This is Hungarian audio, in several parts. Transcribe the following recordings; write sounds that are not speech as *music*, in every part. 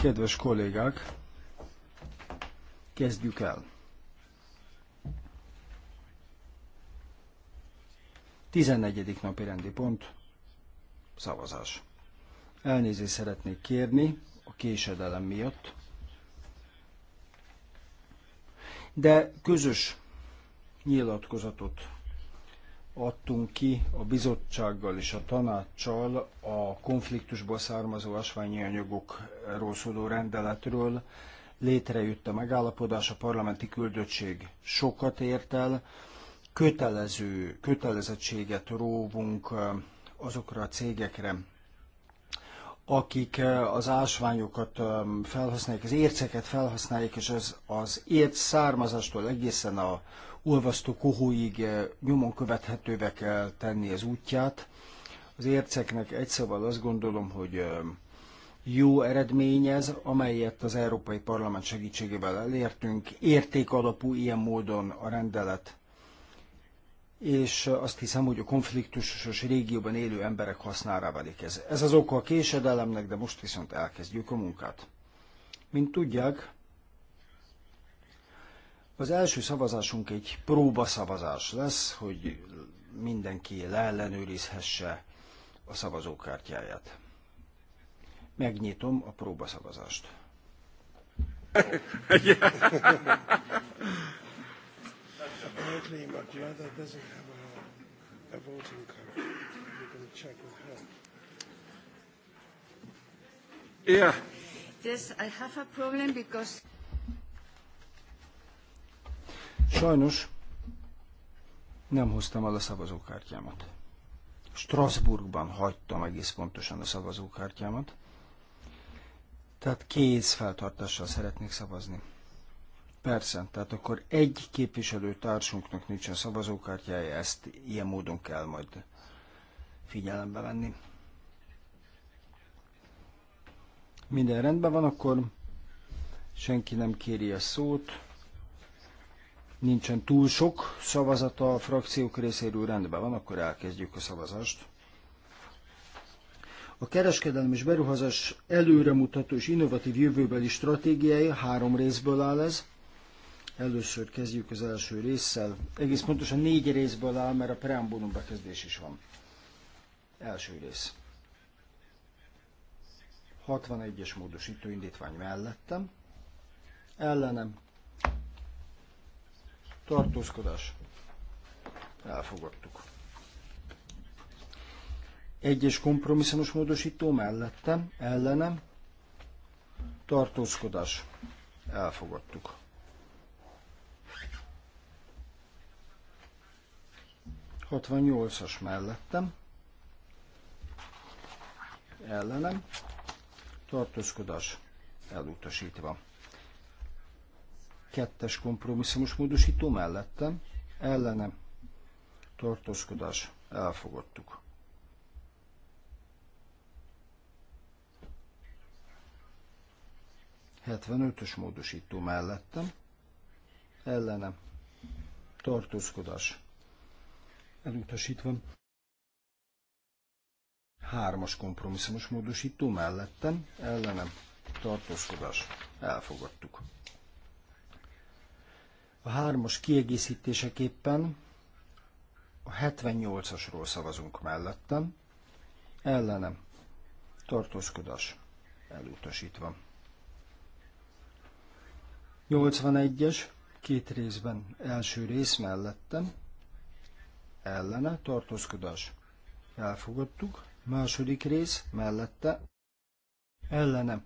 Kedves kollégák, kezdjük el. Tizennegyedik napi rendi pont, szavazás. Elnézést szeretnék kérni a késedelem miatt, de közös nyilatkozatot adtunk ki a bizottsággal és a tanácssal a konfliktusból származó asványi anyagokról szóló rendeletről. Létrejött a megállapodás, a parlamenti küldöttség sokat ért el, kötelező, kötelezettséget róvunk eh, azokra a cégekre, akik eh, az ásványokat eh, felhasználják, az érceket felhasználják, és az, az érc származástól egészen a olvasztó kohóig eh, nyomon követhetővé kell tenni az útját. Az érceknek egy szóval azt gondolom, hogy eh, jó eredmény ez, amelyet az Európai Parlament segítségével elértünk. Értékalapú ilyen módon a rendelet és eh, azt hiszem, hogy a konfliktusos régióban élő emberek hasznára válik ez. Ez az oka a késedelemnek, de most viszont elkezdjük a munkát. Mint tudják, az első szavazásunk egy próbaszavazás lesz, hogy mindenki leellenőrizhesse a szavazókártyáját. Megnyitom a próbaszavazást. Yeah. Yes, I have a problem because Sajnos nem hoztam el a szavazókártyámat. Strasbourgban hagytam egész pontosan a szavazókártyámat. Tehát kéz feltartással szeretnék szavazni. Persze, tehát akkor egy képviselő társunknak nincsen szavazókártyája, ezt ilyen módon kell majd figyelembe venni. Minden rendben van, akkor senki nem kéri a szót nincsen túl sok szavazata a frakciók részéről, rendben van, akkor elkezdjük a szavazást. A kereskedelmi és beruházás előremutató és innovatív jövőbeli stratégiája három részből áll ez. Először kezdjük az első résszel. Egész pontosan négy részből áll, mert a preambulum bekezdés is van. Első rész. 61-es módosító indítvány mellettem. Ellenem tartózkodás, elfogadtuk. Egyes kompromisszumos módosító mellettem, ellenem, tartózkodás, elfogadtuk. nyolcas mellettem, ellenem, tartózkodás elutasítva. Kettes kompromisszumos módosító mellettem, ellenem, tartózkodás, elfogadtuk. Hetvenötös módosító mellettem, ellenem, tartózkodás, elutasítva. Hármas kompromisszumos módosító mellettem, ellenem, tartózkodás, elfogadtuk. A hármas kiegészítéseképpen a 78-asról szavazunk mellettem, ellenem tartózkodás elutasítva. 81-es, két részben első rész mellettem, ellene tartózkodás elfogadtuk, második rész mellette, ellene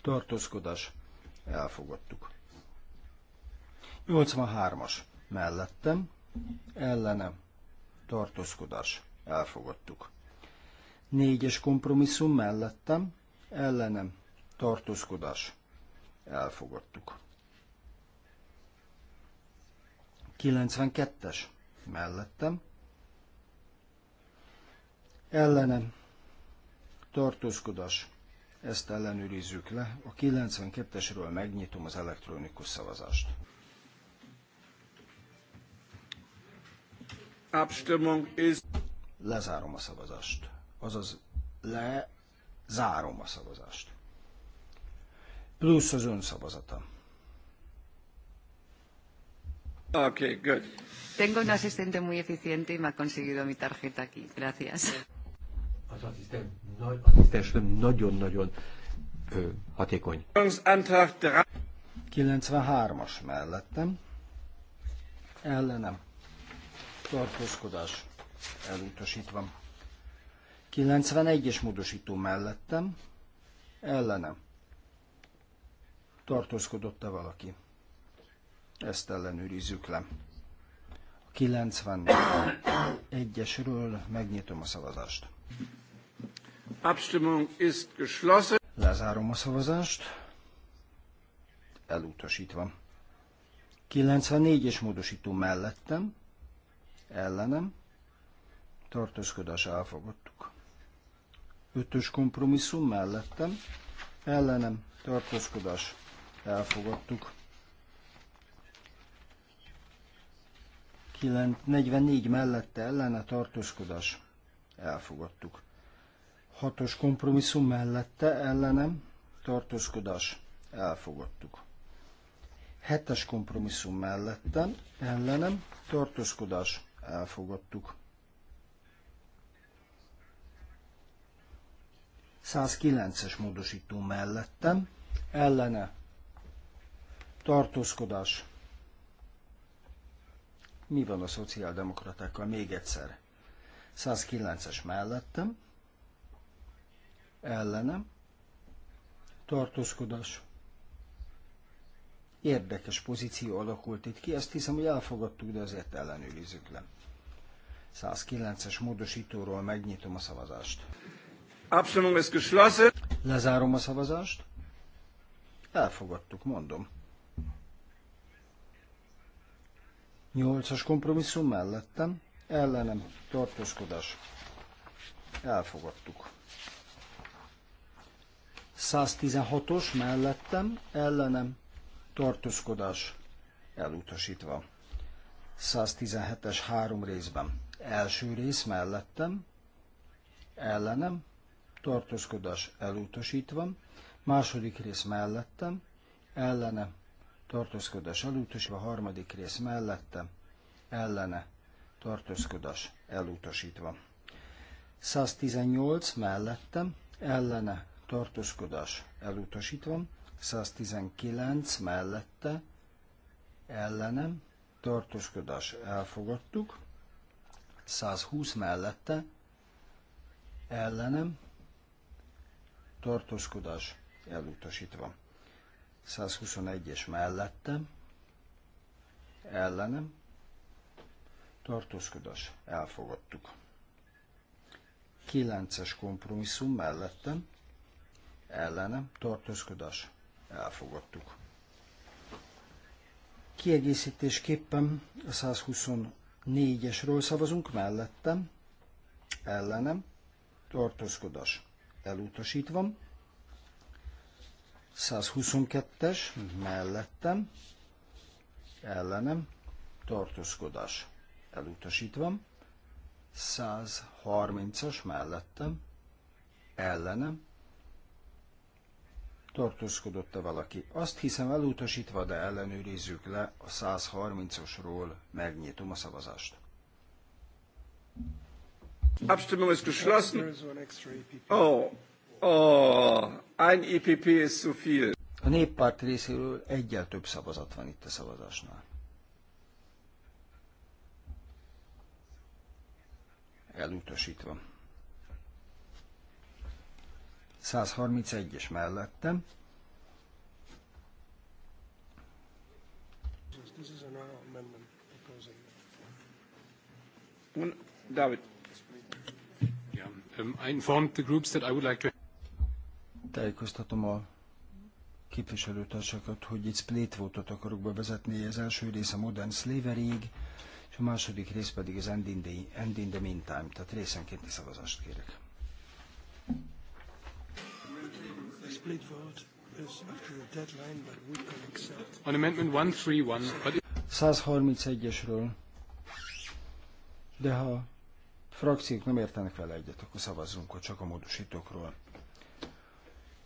tartózkodás elfogadtuk. 83-as mellettem, ellenem, tartózkodás, elfogadtuk. 4-es kompromisszum mellettem, ellenem, tartózkodás, elfogadtuk. 92-es mellettem, ellenem, tartózkodás, ezt ellenőrizzük le. A 92-esről megnyitom az elektronikus szavazást. Lezárom a szavazást. Azaz le zárom a szavazást. Plusz az ön szavazata. Oké, Okay, good. Tengo un asistente muy eficiente y me ha conseguido mi tarjeta aquí. Gracias. Az asszisztensem nagyon-nagyon hatékony. 93-as mellettem. Ellenem tartózkodás elutasítva. 91-es módosító mellettem, ellenem. Tartózkodott-e valaki? Ezt ellenőrizzük le. A 91-esről megnyitom a szavazást. Abstimmung ist geschlossen. Lezárom a szavazást. Elutasítva. 94-es módosító mellettem, ellenem, tartózkodás elfogadtuk. Ötös kompromisszum mellettem, ellenem, tartózkodás elfogadtuk. 44 mellette ellene tartózkodás elfogadtuk. Hatos kompromisszum mellette ellenem tartózkodás elfogadtuk. Hetes kompromisszum mellettem ellenem tartózkodás elfogadtuk. 109-es módosító mellettem, ellene tartózkodás. Mi van a szociáldemokratákkal? Még egyszer. 109-es mellettem, ellenem tartózkodás Érdekes pozíció alakult itt ki, ezt hiszem, hogy elfogadtuk, de azért ellenőrizzük le. 109-es módosítóról megnyitom a szavazást. Abstimmung ist geschlossen. Lezárom a szavazást. Elfogadtuk, mondom. 8-as kompromisszum mellettem, ellenem tartózkodás. Elfogadtuk. 116-os mellettem, ellenem tartózkodás elutasítva. 117-es három részben. Első rész mellettem, ellenem, tartózkodás elutasítva. Második rész mellettem, ellene, tartózkodás elutasítva. Harmadik rész mellettem, ellene, tartózkodás elutasítva. 118 mellettem, ellene, tartózkodás elutasítva. 119 mellette ellenem tartózkodás elfogadtuk, 120 mellette ellenem tartózkodás elutasítva. 121-es mellette, ellenem, tartózkodás, elfogadtuk. 9-es kompromisszum mellettem, ellenem, tartózkodás, elfogadtuk. Kiegészítésképpen a 124-esről szavazunk mellettem, ellenem, tartózkodás elutasítva. 122-es mellettem, ellenem, tartózkodás elutasítva. 130-as mellettem, ellenem, tartózkodott-e valaki. Azt hiszem elutasítva, de ellenőrizzük le a 130-osról, megnyitom a szavazást. Abstimmung ist geschlossen. E oh, oh, ein EPP ist zu viel. A néppárt részéről egyel több szavazat van itt a szavazásnál. Elutasítva. 131-es mellettem. David. Um, I informed the groups that I would like to... Tájékoztatom a képviselőtársakat, hogy itt split votot akarok bevezetni, az első rész a Modern slavery és a második rész pedig az End in the, end in the Meantime, tehát részenkénti szavazást kérek. split vote. a deadline, but we can accept. On amendment 131, 131-esről. De ha frakciók nem értenek vele egyet, akkor szavazzunk, hogy csak a módosítókról.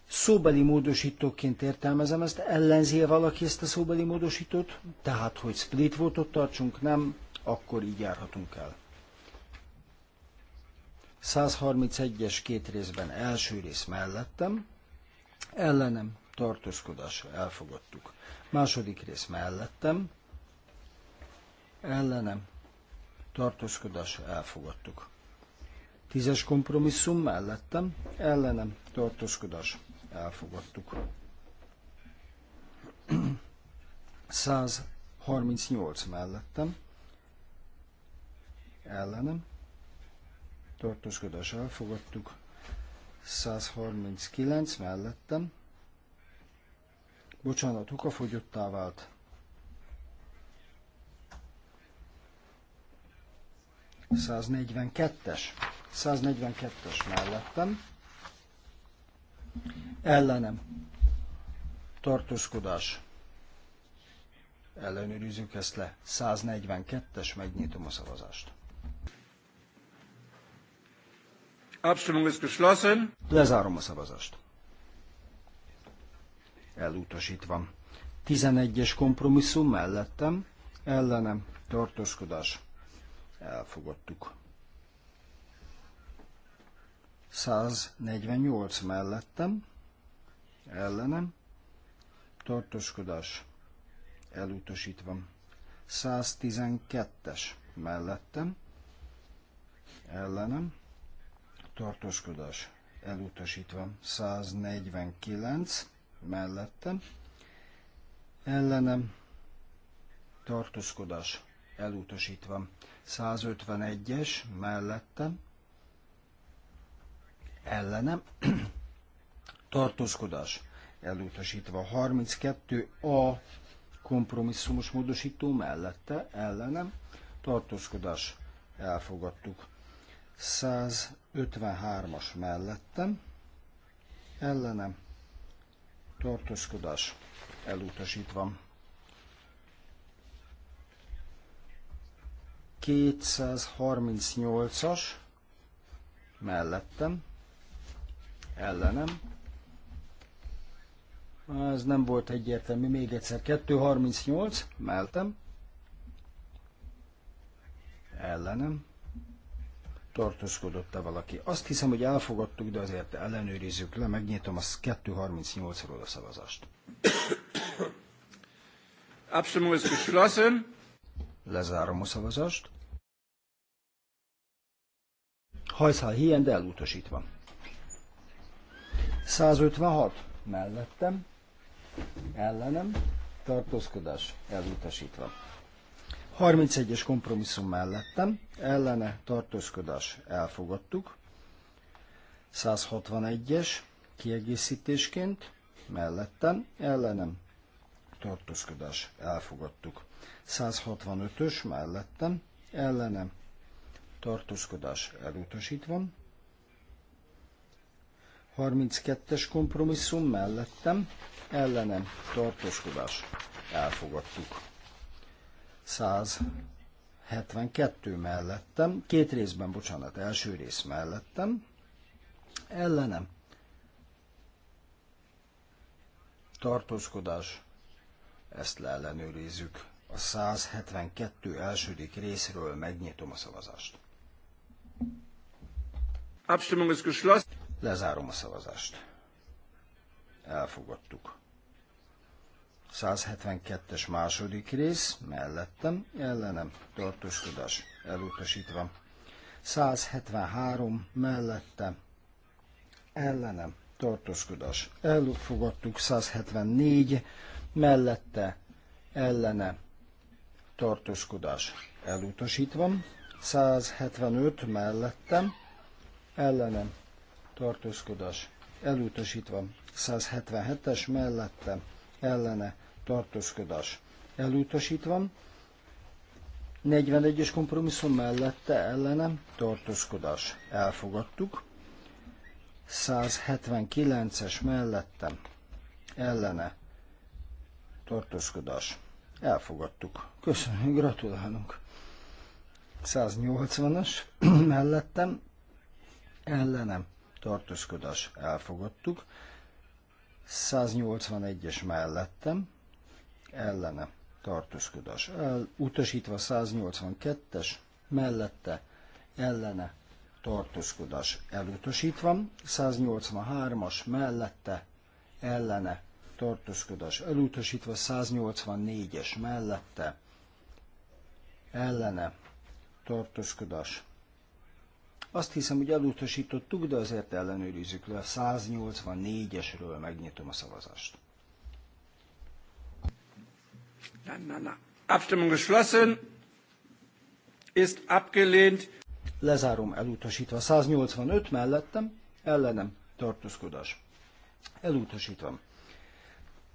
Szóbeli módosítóként értelmezem ezt, ellenzi -e valaki ezt a szóbeli módosítót? Tehát, hogy split votot tartsunk, nem, akkor így járhatunk el. 131-es két részben első rész mellettem, ellenem tartózkodás elfogadtuk. Második rész mellettem, ellenem tartózkodás elfogadtuk. Tízes kompromisszum mellettem, ellenem tartózkodás elfogadtuk. 138 mellettem, ellenem tartózkodás elfogadtuk. 139 mellettem. Bocsánat, fogyottá vált. es 142-es mellettem. Ellenem. Tartózkodás. Ellenőrizzük ezt le. 142-es, megnyitom a szavazást. Abstimmung ist geschlossen. Lezárom a szavazást. Elutasítva. 11-es kompromisszum mellettem, ellenem, tartózkodás. Elfogadtuk. 148 mellettem, ellenem, tartózkodás. Elutasítva. 112-es mellettem, ellenem, tartózkodás elutasítva. 149 mellettem, ellenem tartózkodás elutasítva. 151-es mellettem, ellenem *clears throat* tartózkodás elutasítva. 32a kompromisszumos módosító mellette, ellenem tartózkodás elfogadtuk. 153-as mellettem, ellenem tartózkodás elutasítva. 238-as mellettem, ellenem. Ez nem volt egyértelmű, még egyszer 238 mellettem, ellenem tartózkodott-e valaki. Azt hiszem, hogy elfogadtuk, de azért ellenőrizzük le, megnyitom a 238-ról a szavazást. Lezárom a szavazást. Hajszál hien, de elutasítva. 156 mellettem, ellenem, tartózkodás elutasítva. 31-es kompromisszum mellettem, ellene tartózkodás elfogadtuk. 161-es kiegészítésként mellettem, ellenem tartózkodás elfogadtuk. 165-ös mellettem, ellenem tartózkodás elutasítva. 32-es kompromisszum mellettem, ellenem tartózkodás elfogadtuk. 172 mellettem, két részben, bocsánat, első rész mellettem, ellenem tartózkodás, ezt leellenőrizzük. A 172 elsődik részről megnyitom a szavazást. Abstimmung ist geschlossen. Lezárom a szavazást. Elfogadtuk. 172-es második rész, mellettem, ellenem, tartózkodás elutasítva. 173 mellette, ellenem, tartózkodás elfogadtuk, 174 mellette, ellene, tartózkodás elutasítva, 175 mellettem, ellenem, tartózkodás elutasítva, 177-es mellette, ellene tartózkodás elutasítva. 41-es kompromisszum mellette ellenem tartózkodás elfogadtuk. 179-es *clears throat* mellettem ellene tartózkodás elfogadtuk. Köszönjük, gratulálunk. 180-as mellettem ellenem tartózkodás elfogadtuk. 181-es mellettem ellene tartózkodás el, utasítva 182-es, mellette ellene tartózkodás elutasítva, 183-as mellette ellene tartózkodás elutasítva, 184-es mellette ellene tartózkodás. Azt hiszem, hogy elutasítottuk, de azért ellenőrizzük le a 184-esről megnyitom a szavazást. Na, na, na. Abstimmung geschlossen. Ist abgelehnt. Lezárom elutasítva. 185 mellettem, ellenem tartózkodás. Elutasítva.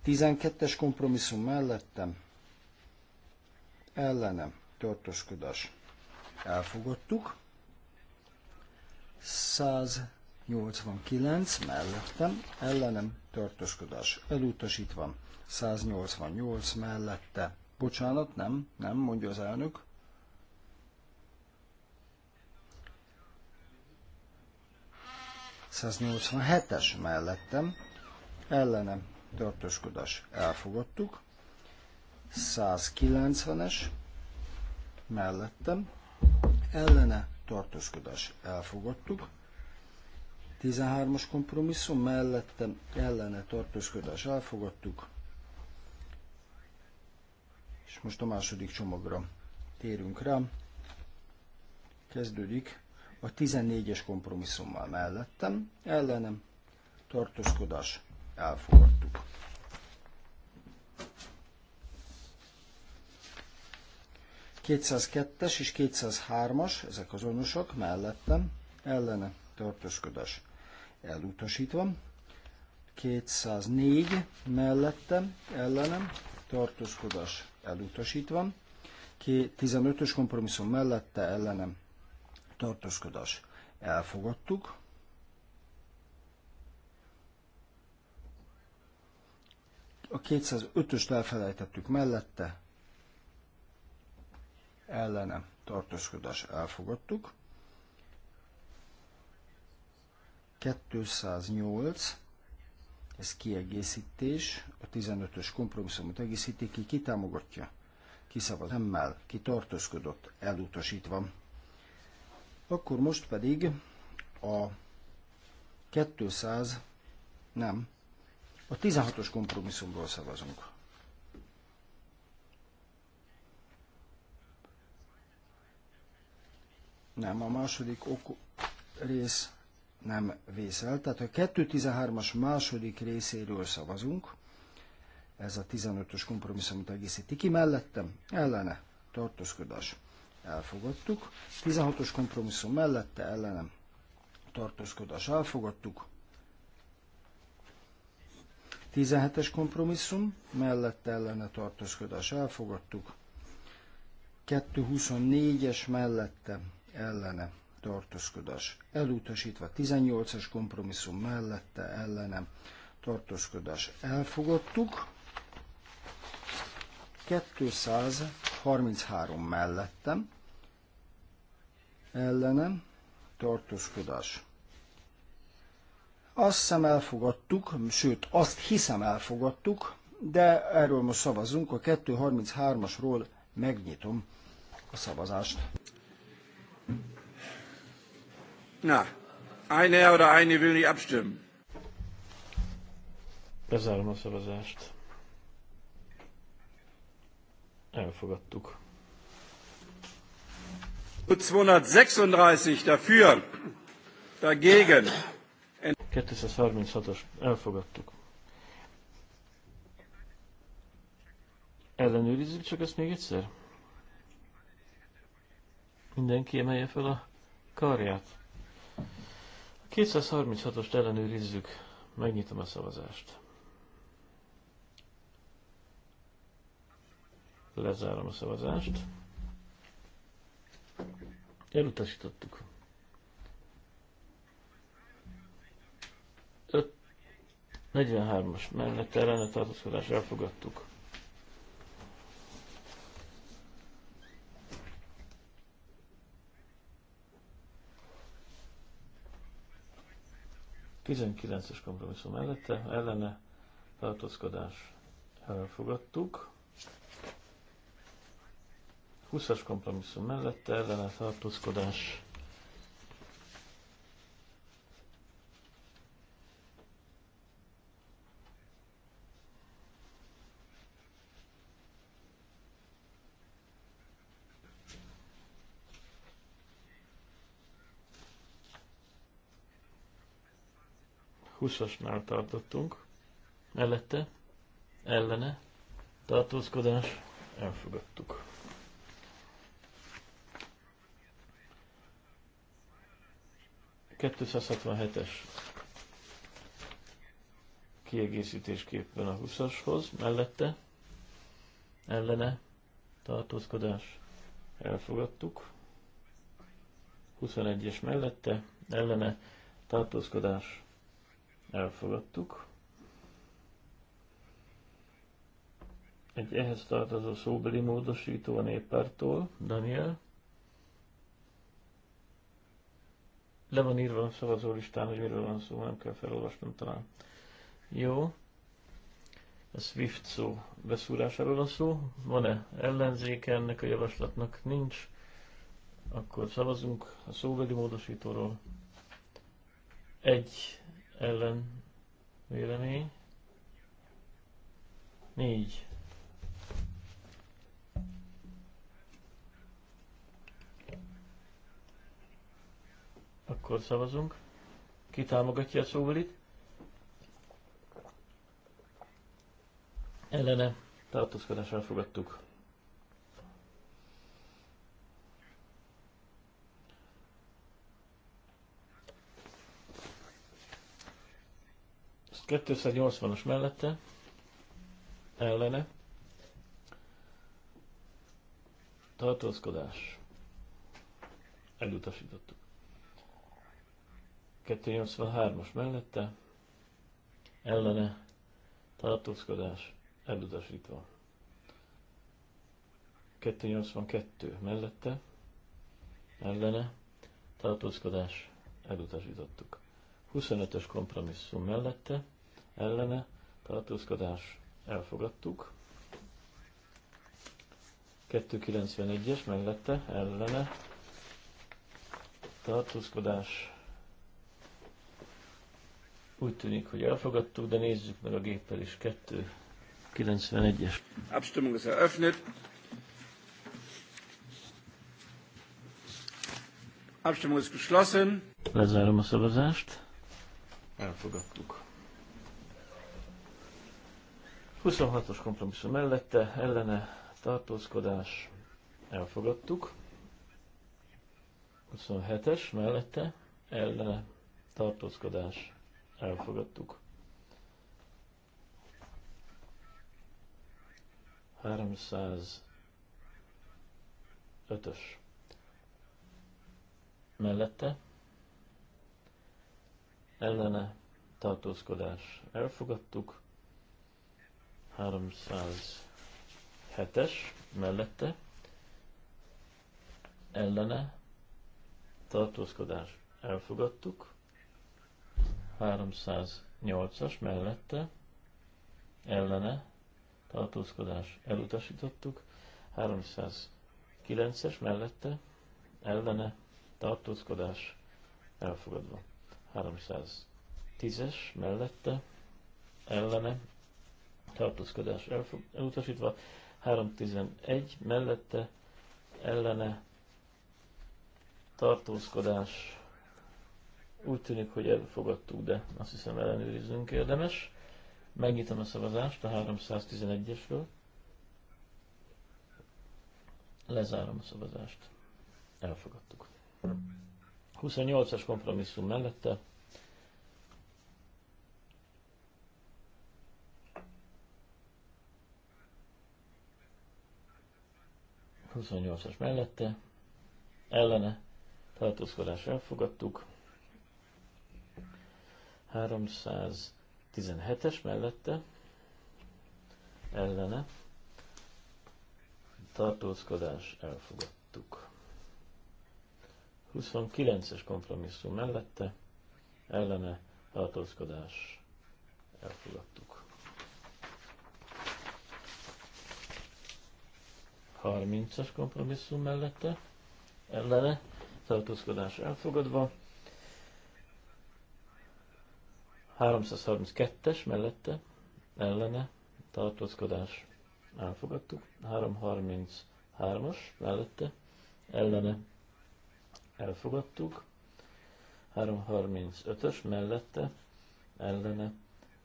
12-es kompromisszum mellettem, ellenem tartózkodás. Elfogadtuk. 189 mellettem, ellenem tartózkodás. Elutasítva. 188 mellette. Bocsánat, nem, nem, mondja az elnök. es mellettem, ellenem tartózkodás elfogadtuk, 190-es mellettem, ellene tartózkodás elfogadtuk, 13-as kompromisszum mellettem, ellene tartózkodás elfogadtuk, és most a második csomagra térünk rá. Kezdődik a 14-es kompromisszummal mellettem, ellenem, tartózkodás, elfogadtuk. es és 203-as, ezek azonosak, mellettem, ellene, tartózkodás, elutasítva. 204 mellettem, ellenem, tartózkodás, elutasítva, ki 15-ös kompromisszum mellette ellenem tartózkodás elfogadtuk. A 205-öst elfelejtettük mellette, ellenem tartózkodás elfogadtuk. 208 ez kiegészítés, a 15-ös kompromisszumot egészíti ki, ki támogatja, ki szavaz nemmel, ki tartózkodott, elutasítva. Akkor most pedig a 200, nem, a 16-os kompromisszumról szavazunk. Nem, a második ok rész nem vészel. Tehát a 2.13-as második részéről szavazunk, ez a 15-ös kompromisszumot egészíti ki mellettem, ellene, tartózkodás. Elfogadtuk. 16-os kompromisszum mellette, ellenem, tartózkodás. Elfogadtuk. 17-es kompromisszum, mellette ellene tartózkodás elfogadtuk, 224-es mellette ellene tartózkodás elutasítva, 18-as kompromisszum mellette ellenem tartózkodás elfogadtuk, 233 mellettem ellenem tartózkodás. Azt hiszem elfogadtuk, sőt azt hiszem elfogadtuk, de erről most szavazunk, a 233-asról megnyitom a szavazást. Na, eine oder eine will nicht abstimmen. Bezárom a szavazást. Elfogadtuk. 236 dafür, dagegen. 236-os, elfogadtuk. Ellenőrizzük csak ezt még egyszer? Mindenki emelje fel a karját. 236-ost ellenőrizzük. Megnyitom a szavazást. Lezárom a szavazást. Elutasítottuk. 43-as mellett ellene tartózkodás elfogadtuk. 19-es kompromisszum mellette, ellene tartózkodás elfogadtuk. 20-as kompromisszum mellette, ellene tartózkodás 20-asnál tartottunk. Mellette, ellene, tartózkodás, elfogadtuk. es kiegészítésképpen a 20-ashoz, mellette, ellene, tartózkodás, elfogadtuk. 21-es mellette, ellene, tartózkodás, elfogadtuk. Egy ehhez tartozó szóbeli módosító a néppártól, Daniel. Le van írva a szavazólistán, hogy miről van szó, nem kell felolvasnom talán. Jó. A Swift szó beszúrásáról van szó. Van-e ellenzéke ennek a javaslatnak? Nincs. Akkor szavazunk a szóbeli módosítóról. Egy ellen vélemény. Négy. Akkor szavazunk. Ki támogatja a szóvalit? Ellene tartózkodás elfogadtuk. 280-as mellette, ellene, tartózkodás, elutasítottuk. 283-as mellette, ellene, tartózkodás, elutasítva. 282 mellette, ellene, tartózkodás, elutasítottuk. 25-ös kompromisszum mellette, ellene tartózkodás elfogadtuk. 291-es mellette ellene tartózkodás úgy tűnik, hogy elfogadtuk, de nézzük meg a géppel is. 291-es. Abstimmung ist eröffnet. Abstimmung ist geschlossen. Lezárom a szavazást. Elfogadtuk. 26-os kompromisszum mellette, ellene tartózkodás, elfogadtuk. 27-es mellette, ellene tartózkodás, elfogadtuk. 305-ös mellette, ellene tartózkodás, elfogadtuk. 307-es mellette ellene tartózkodás elfogadtuk, 308-as mellette ellene tartózkodás elutasítottuk, 309-es mellette ellene tartózkodás elfogadva, 310-es mellette ellene tartózkodás elutasítva, 311 mellette ellene tartózkodás úgy tűnik, hogy elfogadtuk, de azt hiszem ellenőriznünk érdemes. Megnyitom a szavazást a 311-esről. Lezárom a szavazást. Elfogadtuk. 28-as kompromisszum mellette 28-as mellette, ellene, tartózkodás elfogadtuk, 317-es mellette, ellene, tartózkodás elfogadtuk. 29-es kompromisszum mellette, ellene, tartózkodás elfogadtuk. 30-as kompromisszum mellette, ellene, tartózkodás elfogadva, 332-es mellette, ellene, tartózkodás elfogadtuk, 333-as mellette, ellene, elfogadtuk, 335-ös mellette, ellene,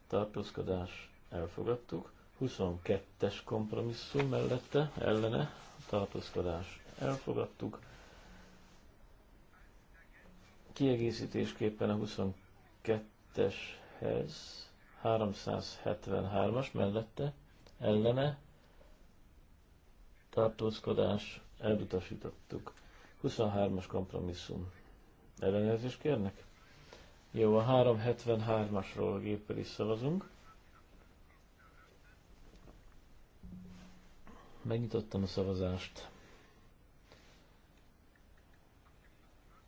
tartózkodás elfogadtuk, 22-es kompromisszum mellette, ellene, tartózkodás elfogadtuk. Kiegészítésképpen a 22-eshez 373-as mellette, ellene, tartózkodás elutasítottuk. 23-as kompromisszum. Ellenőrzést kérnek? Jó, a 373-asról a géppel is szavazunk. Megnyitottam a szavazást.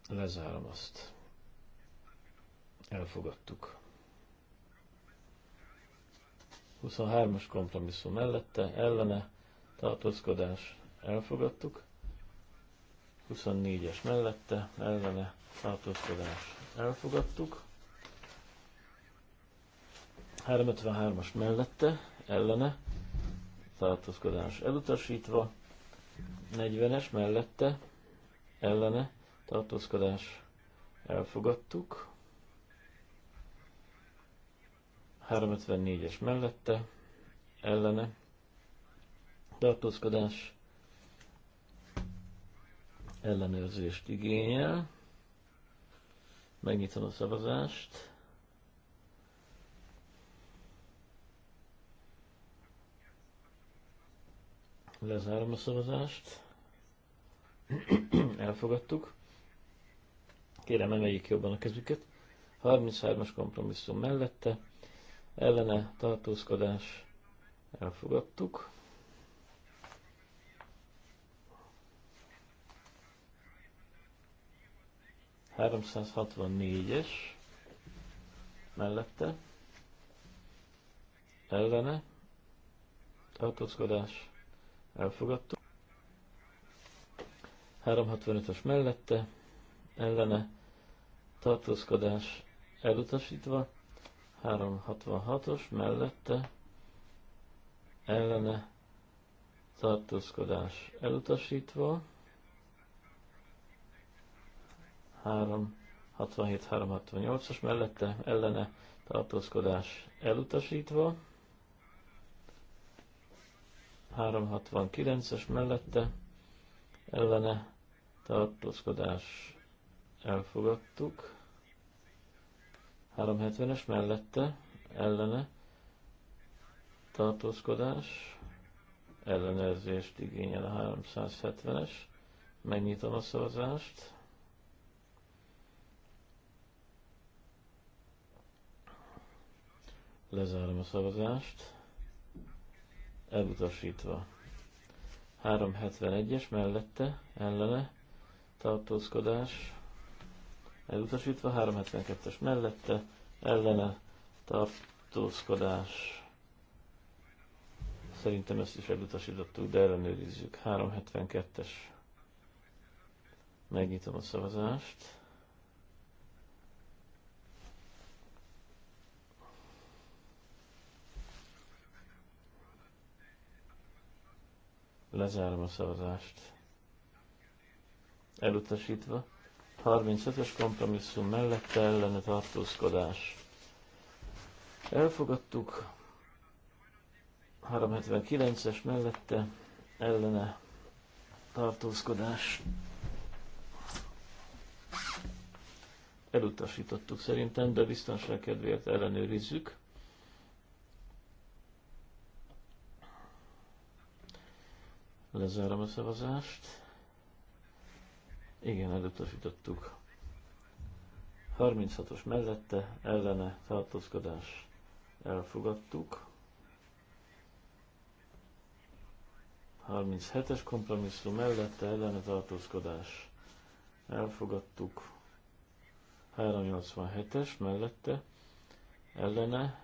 Lezárom azt. Elfogadtuk. 23-as kompromisszum mellette, ellene, tartózkodás, elfogadtuk. 24-es mellette, ellene, tartózkodás, elfogadtuk. 353-as mellette, ellene, tartózkodás elutasítva, 40-es mellette, ellene, tartózkodás elfogadtuk, 354-es mellette, ellene, tartózkodás ellenőrzést igényel, megnyitom a szavazást, Lezárom a szavazást. *clears throat* Elfogadtuk. Kérem, emeljék jobban a kezüket. 33-as kompromisszum mellette. Ellene tartózkodás. Elfogadtuk. es mellette ellene tartózkodás elfogadtuk. 365-ös mellette, ellene, tartózkodás elutasítva, 366-os mellette, ellene, tartózkodás elutasítva, 367-368-as mellette, ellene, tartózkodás elutasítva, 369-es mellette ellene tartózkodás elfogadtuk. 370-es mellette ellene tartózkodás ellenőrzést igényel a 370-es. Megnyitom a szavazást. Lezárom a szavazást elutasítva. 371-es mellette, ellene, tartózkodás, elutasítva, 372-es mellette, ellene, tartózkodás. Szerintem ezt is elutasítottuk, de ellenőrizzük. 372-es. Megnyitom a szavazást. Lezárom a szavazást. Elutasítva. 35-ös kompromisszum mellette ellene tartózkodás. Elfogadtuk. 379-es mellette ellene tartózkodás. Elutasítottuk szerintem, de biztonság kedvéért ellenőrizzük. Lezárom a szavazást. Igen, elutasítottuk. 36-os mellette ellene tartózkodás elfogadtuk. 37-es kompromisszum mellette ellene tartózkodás elfogadtuk. 387-es mellette ellene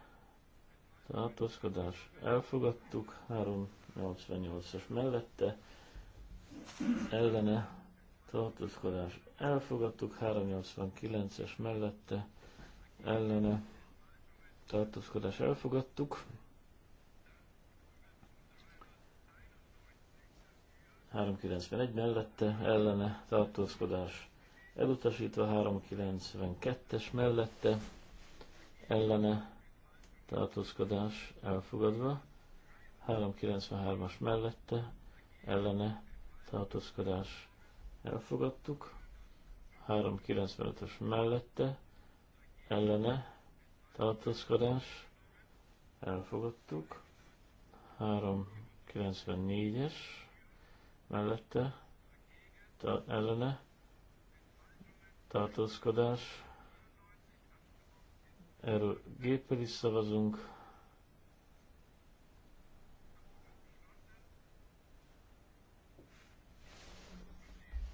tartózkodás elfogadtuk. 3 88-as mellette, ellene tartózkodás elfogadtuk, 389-es mellette, ellene tartózkodás elfogadtuk, 391 mellette, ellene tartózkodás elutasítva, 392-es mellette, ellene tartózkodás elfogadva, 393-as mellette ellene tartózkodás elfogadtuk. 395-ös mellette ellene tartózkodás elfogadtuk. 394-es mellette ta, ellene tartózkodás erről géppel is szavazunk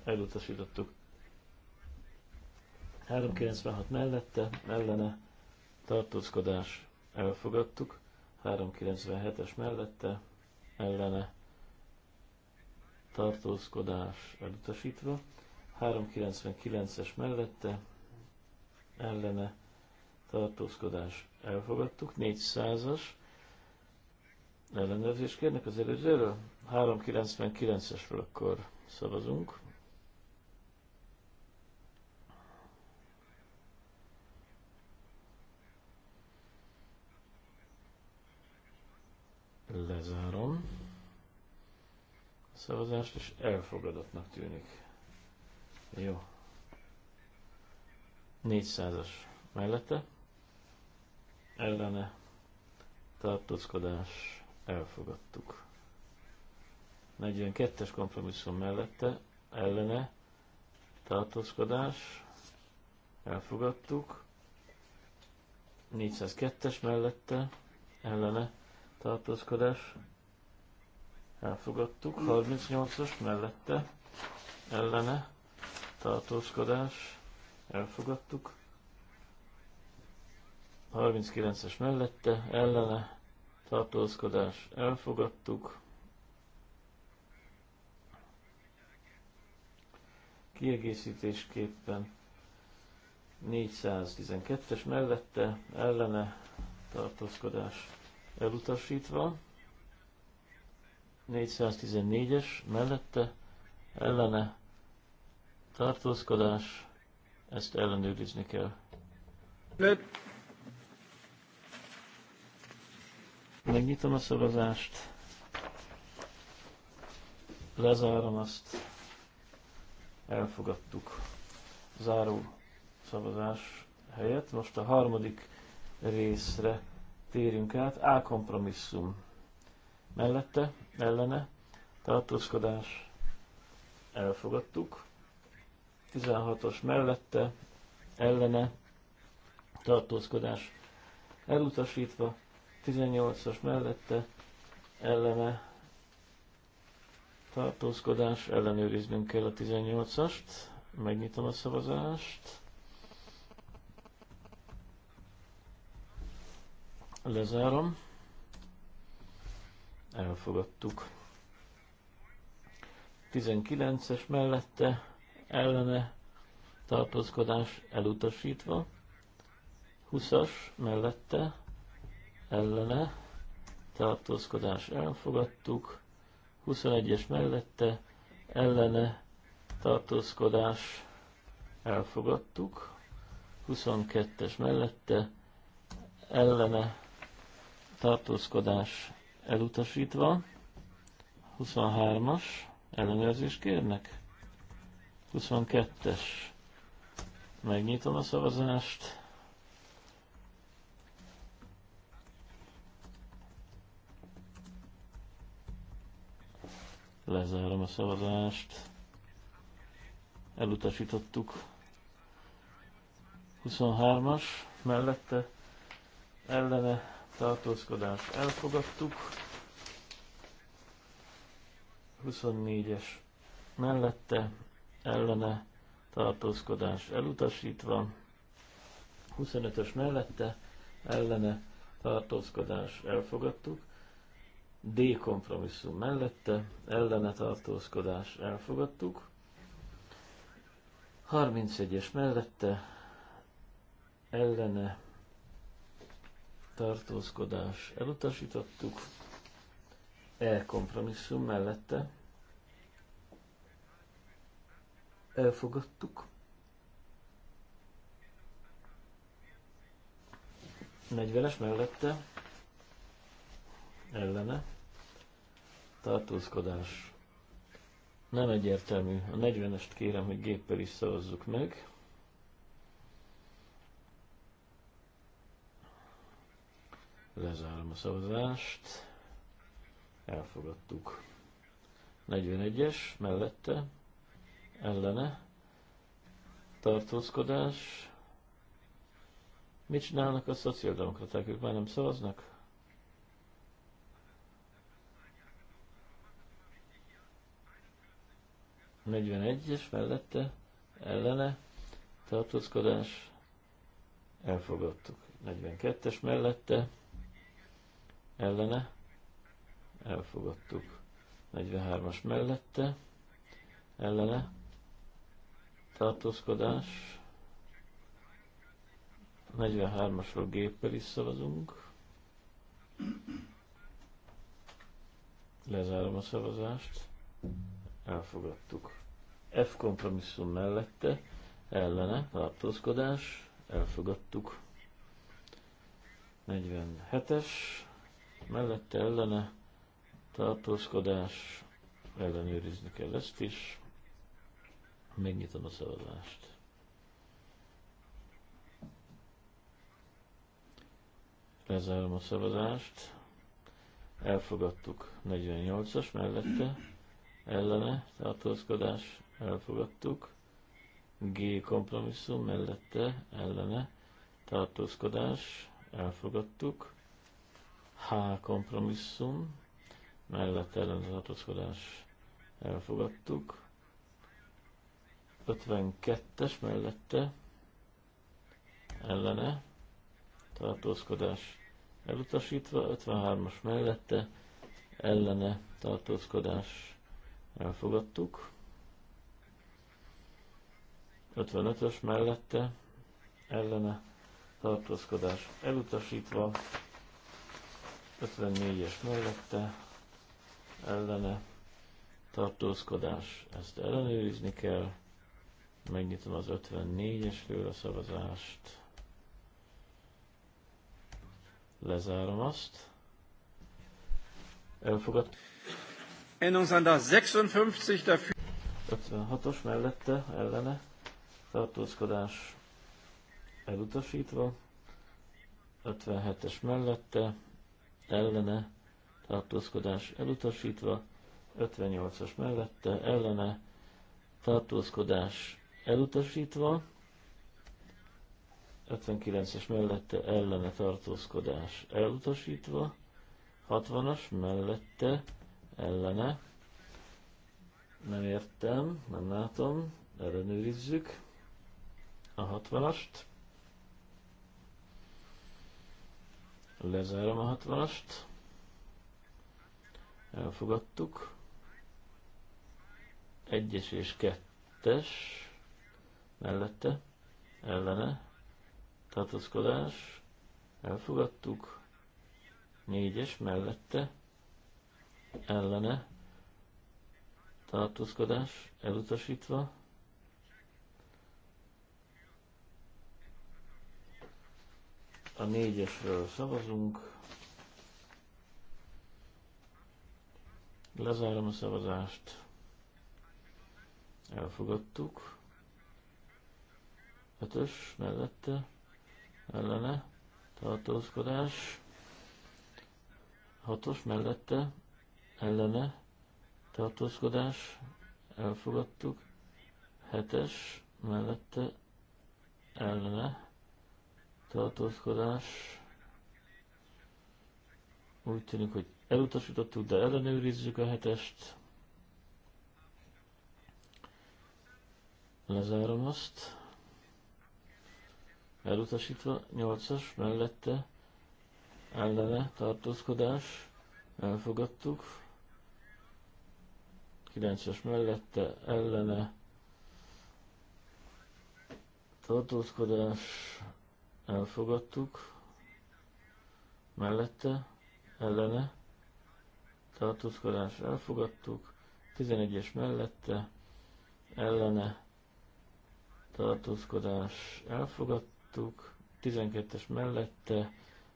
elutasítottuk. 396 mellette, ellene, tartózkodás, elfogadtuk. 397-es mellette, ellene, tartózkodás, elutasítva. 399-es mellette, ellene, tartózkodás, elfogadtuk. 400-as, ellenőrzést kérnek az előzőről? 399-esről akkor szavazunk. Lezárom a szavazást, és elfogadottnak tűnik. Jó. 400-as mellette. Ellene tartózkodás elfogadtuk. 42-es kompromisszum mellette ellene tartózkodás elfogadtuk. 402-es mellette ellene tartózkodás elfogadtuk, 38-as mellette ellene tartózkodás elfogadtuk, 39-es mellette ellene tartózkodás elfogadtuk, kiegészítésképpen 412-es mellette ellene tartózkodás elutasítva. 414-es mellette ellene tartózkodás, ezt ellenőrizni kell. Megnyitom a szavazást, lezárom azt, elfogadtuk. Záró szavazás helyett most a harmadik részre térjünk át. A kompromisszum mellette, ellene, tartózkodás, elfogadtuk. 16-os mellette, ellene, tartózkodás, elutasítva. 18-as mellette, ellene, tartózkodás, ellenőriznünk kell a 18-ast. Megnyitom a szavazást. Lezárom. Elfogadtuk. 19-es mellette ellene tartózkodás elutasítva. 20-as mellette ellene tartózkodás elfogadtuk. 21-es mellette ellene tartózkodás elfogadtuk, 22-es mellette ellene tartózkodás elutasítva, 23-as, ellenőrzést kérnek, 22-es, megnyitom a szavazást, lezárom a szavazást, elutasítottuk, 23-as, mellette ellene tartózkodás elfogadtuk. 24-es mellette ellene tartózkodás elutasítva, 25-ös mellette ellene tartózkodás elfogadtuk, D kompromisszum mellette ellene tartózkodás elfogadtuk, 31-es mellette ellene tartózkodás elutasítottuk, E kompromisszum mellette elfogadtuk, Negyvenes mellette ellene tartózkodás nem egyértelmű. A 40-est kérem, hogy géppel is szavazzuk meg. Lezárom a szavazást. Elfogadtuk. 41-es mellette, ellene, tartózkodás. Mit csinálnak a szociáldemokraták? Ők már nem szavaznak? es mellette, ellene, tartózkodás, elfogadtuk. 42-es mellette, ellene, elfogadtuk. 43-as mellette, ellene, tartózkodás, 43-asról géppel is szavazunk. Lezárom a szavazást. Elfogadtuk. F kompromisszum mellette, ellene, tartózkodás, elfogadtuk. 47-es mellette ellene tartózkodás, ellenőrizni kell ezt is. Megnyitom a szavazást. Lezárom a szavazást. Elfogadtuk 48-as mellette, ellene tartózkodás, elfogadtuk. G kompromisszum mellette, ellene tartózkodás, elfogadtuk. H kompromisszum, mellett ellen tartózkodás elfogadtuk. 52-es mellette ellene tartózkodás elutasítva, 53-as mellette ellene tartózkodás elfogadtuk. 55-ös mellette ellene tartózkodás elutasítva, 54-es mellette ellene tartózkodás, ezt ellenőrizni kell. Megnyitom az 54-esről a szavazást. Lezárom azt. Elfogad. Änderungsantrag 56 56-os mellette ellene tartózkodás elutasítva. 57-es mellette ellene tartózkodás elutasítva, 58-as mellette ellene tartózkodás elutasítva, 59-es mellette ellene tartózkodás elutasítva, 60-as mellette ellene, nem értem, nem látom, ellenőrizzük a 60-ast. Lezárom a 60-ast. Elfogadtuk. 1-es és 2-es mellette, ellene, tartózkodás, elfogadtuk. 4-es mellette, ellene, tartózkodás, elutasítva. A négyesről szavazunk. Lezárom a szavazást. Elfogadtuk. Ötös mellette ellene tartózkodás. Hatos mellette ellene tartózkodás. Elfogadtuk. Hetes mellette ellene tartózkodás. Úgy tűnik, hogy elutasítottuk, de ellenőrizzük a hetest. Lezárom azt. Elutasítva, 8-as, mellette, ellene, tartózkodás, elfogadtuk. 9 as mellette, ellene, tartózkodás, elfogadtuk, mellette, ellene, tartózkodás elfogadtuk, 11-es mellette, ellene, tartózkodás elfogadtuk, 12-es mellette,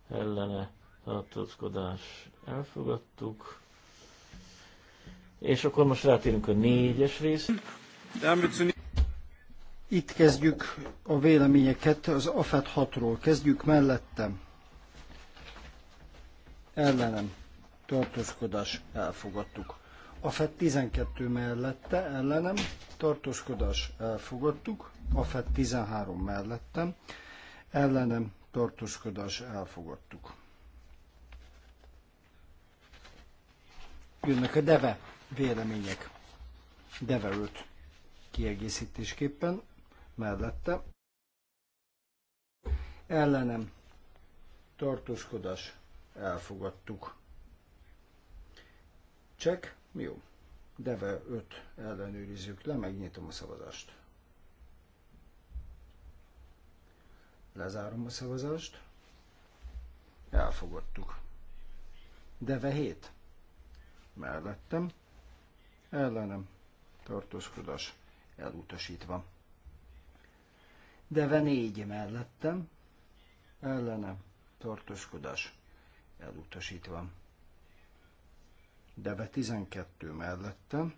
ellene, tartózkodás elfogadtuk, és akkor most rátérünk a négyes részre. Itt kezdjük a véleményeket, az AFET 6-ról kezdjük mellettem. Ellenem. Tartózkodás. Elfogadtuk. AFET 12 mellette. Ellenem. Tartózkodás. Elfogadtuk. AFET 13 mellettem. Ellenem. Tartózkodás. Elfogadtuk. Jönnek a deve vélemények. Deve 5 kiegészítésképpen mellette. Ellenem tartózkodás elfogadtuk. Csek, jó. Deve 5 ellenőrizzük le, megnyitom a szavazást. Lezárom a szavazást. Elfogadtuk. Deve 7. Mellettem. Ellenem. Tartózkodás elutasítva. Deve négy mellettem, ellenem, tartózkodás elutasítva. Deve 12 mellettem,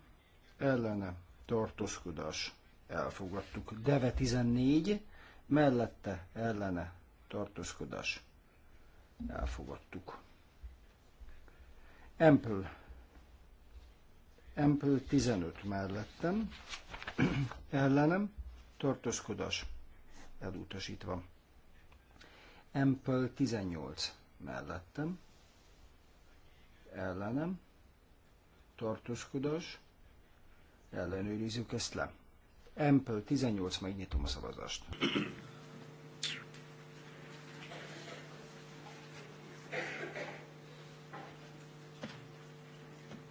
ellenem, tartózkodás elfogadtuk. Deve 14 mellette, ellene, tartózkodás elfogadtuk. Empl. Empl 15 mellettem, *clears throat* ellenem, tartózkodás elutasítva. Ample 18 mellettem, ellenem, tartózkodás, ellenőrizzük ezt le. Ample 18, megnyitom a szavazást.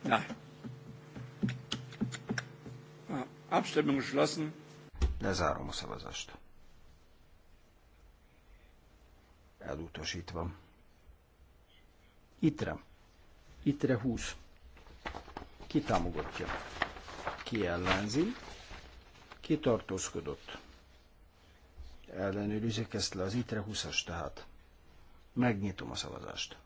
Na. Abstimmung geschlossen. Lezárom a szavazást. elutasítva. Itre. Itre 20. Ki támogatja? Ki ellenzi? Ki tartózkodott? Ellenőrizik ezt le az Itre 20-as tehát. Megnyitom a szavazást.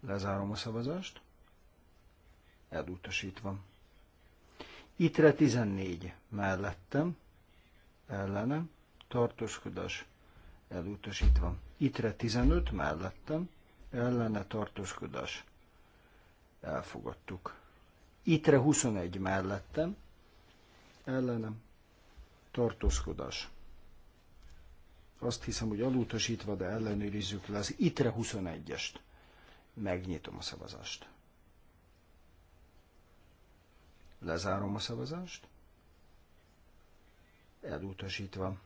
Lezárom a szavazást. Elutasítva. Itre 14 mellettem, ellenem, tartózkodás elutasítva. Itre 15 mellettem, ellene tartózkodás elfogadtuk. Itre 21 mellettem, ellenem, tartózkodás. Azt hiszem, hogy elutasítva, de ellenőrizzük le az ITRE 21-est. Megnyitom a szavazást. Lezárom a szavazást. Elutasítva.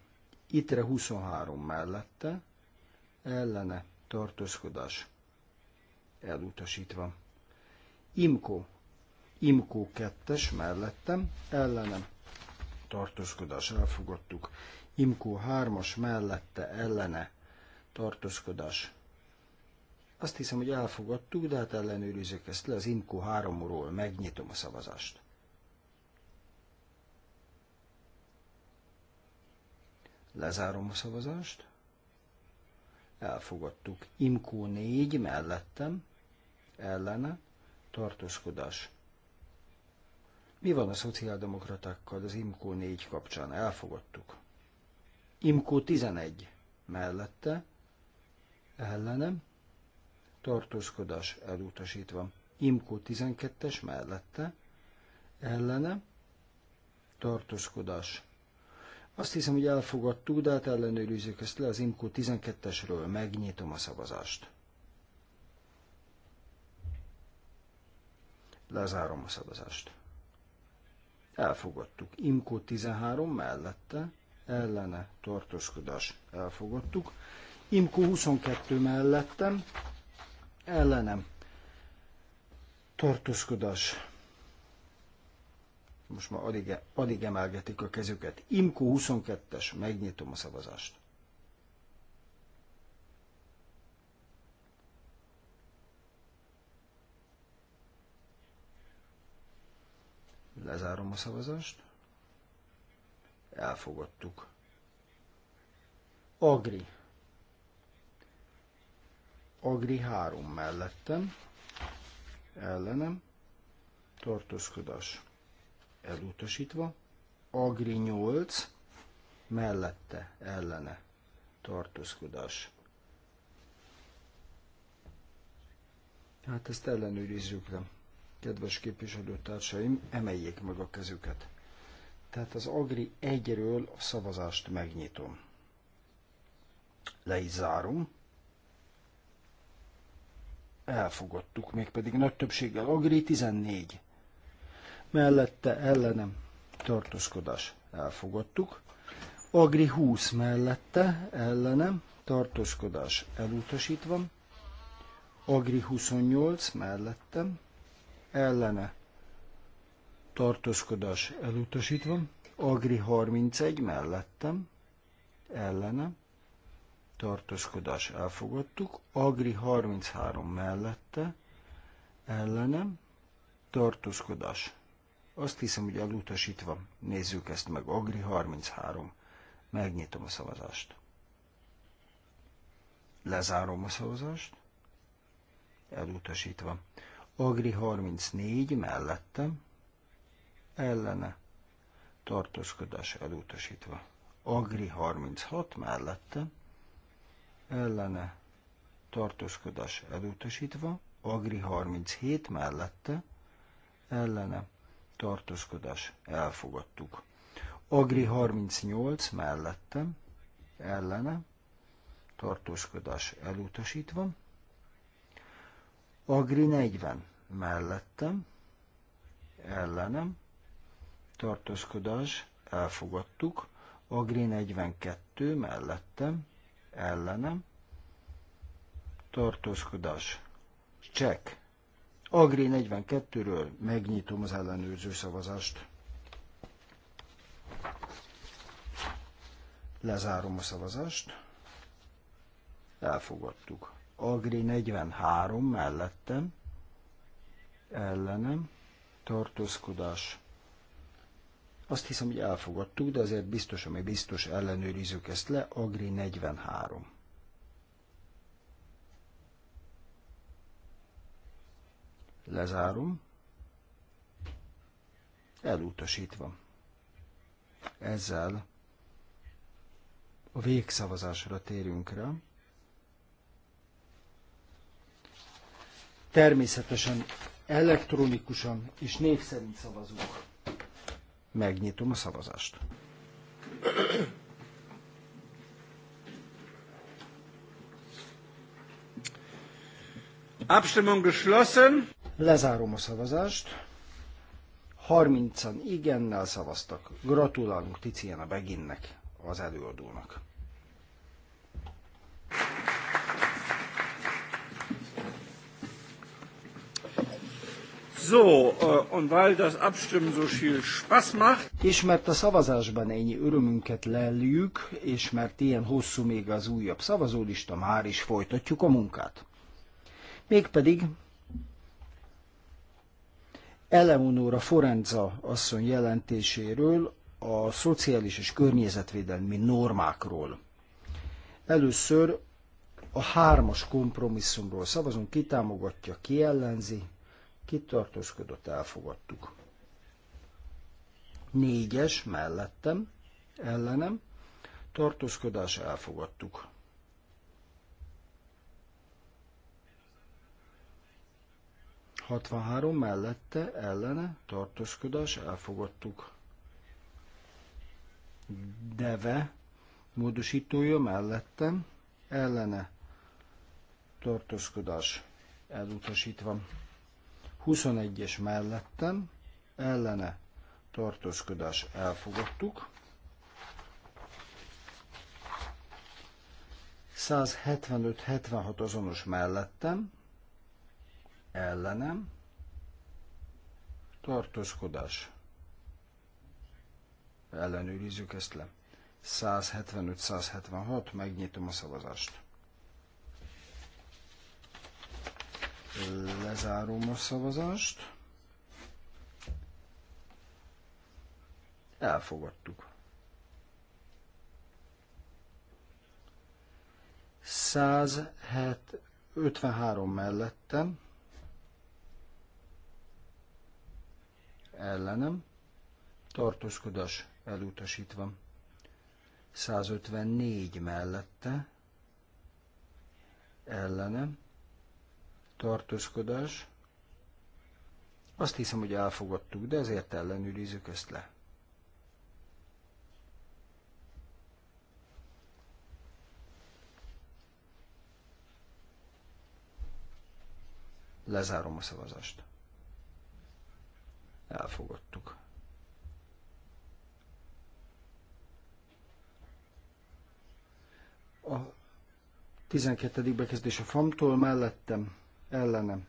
Ittre 23 mellette, ellene tartózkodás. Elutasítva. Imko. Imko kettes mellettem, ellenem tartózkodás elfogadtuk. Imkó hármas mellette ellene tartózkodás. Azt hiszem, hogy elfogadtuk, de hát ellenőrizek ezt le. Az Imkó háromról megnyitom a szavazást. Lezárom a szavazást. Elfogadtuk. Imkó 4 mellettem, ellene, tartózkodás. Mi van a szociáldemokratákkal az Imkó 4 kapcsán? Elfogadtuk. Imkó 11 mellette, ellenem, tartózkodás elutasítva. Imkó 12-es mellette, ellenem, tartózkodás azt hiszem, hogy elfogadtuk, de hát ellenőrizzük ezt le az IMCO 12-esről. Megnyitom a szavazást. Lezárom a szavazást. Elfogadtuk. IMCO 13 mellette, ellene tartózkodás. Elfogadtuk. IMCO 22 mellettem, ellenem tartózkodás most már alig, e- alig emelgetik a kezüket. Imko 22-es, megnyitom a szavazást. Lezárom a szavazást. Elfogadtuk. Agri. Agri 3 mellettem. Ellenem. Tartózkodás elutasítva, Agri 8, mellette ellene tartózkodás. Hát ezt ellenőrizzük le. Kedves képviselőtársaim, emeljék meg a kezüket. Tehát az Agri 1-ről a szavazást megnyitom. Le is zárom. Elfogadtuk, mégpedig nagy többséggel. Agri 14 mellette ellenem tartózkodás elfogadtuk. Agri 20 mellette ellenem tartózkodás elutasítva. Agri 28 mellettem ellene tartózkodás elutasítva. Agri 31 mellettem ellene tartózkodás elfogadtuk. Agri 33 mellette ellenem tartózkodás azt hiszem, hogy elutasítva. Nézzük ezt meg. Agri 33. Megnyitom a szavazást. Lezárom a szavazást. Elutasítva. Agri 34 mellette. Ellene. Tartózkodás elutasítva. Agri 36 mellette, ellene tartózkodás elutasítva, Agri 37 mellette, ellene tartózkodás elfogadtuk. Agri 38 mellettem, ellene, tartózkodás elutasítva. Agri 40 mellettem, ellenem, tartózkodás elfogadtuk. Agri 42 mellettem, ellenem, tartózkodás, check Agri 42-ről megnyitom az ellenőrző szavazást. Lezárom a szavazást. Elfogadtuk. Agri 43 mellettem. Ellenem. Tartózkodás. Azt hiszem, hogy elfogadtuk, de azért biztos, ami biztos, ellenőrizzük ezt le. Agri 43. Lezárom. Elutasítva. Ezzel a végszavazásra térünk rá. Természetesen elektronikusan és név szerint szavazunk. Megnyitom a szavazást. Abstimmung geschlossen. Lezárom a szavazást. 30-an igennel szavaztak. Gratulálunk Tiziana Beginnek, az előadónak. So, äh, und weil das Abstimmen so viel Spaß macht. És mert a szavazásban ennyi örömünket lelőjük, és mert ilyen hosszú még az újabb szavazólista, már is folytatjuk a munkát. Mégpedig Eleonora Forenza asszony jelentéséről a szociális és környezetvédelmi normákról. Először a hármas kompromisszumról szavazunk, ki támogatja, ki ellenzi, ki tartózkodott, elfogadtuk. Négyes mellettem, ellenem, tartózkodás elfogadtuk. 63 mellette ellene tartózkodás elfogadtuk. Deve módosítója mellette, ellene tartózkodás elutasítva. 21-es mellettem ellene tartózkodás elfogadtuk. 175-76 azonos mellettem ellenem, tartózkodás, ellenőrizzük ezt le. 175-176, megnyitom a szavazást. Lezárom a szavazást. Elfogadtuk. 153 mellettem, ellenem, tartózkodás elutasítva. 154 mellette, ellenem, tartózkodás. Azt hiszem, hogy elfogadtuk, de ezért ellenőrizzük ezt le. Lezárom a szavazást elfogadtuk. A 12. bekezdés a famtól mellettem, ellenem.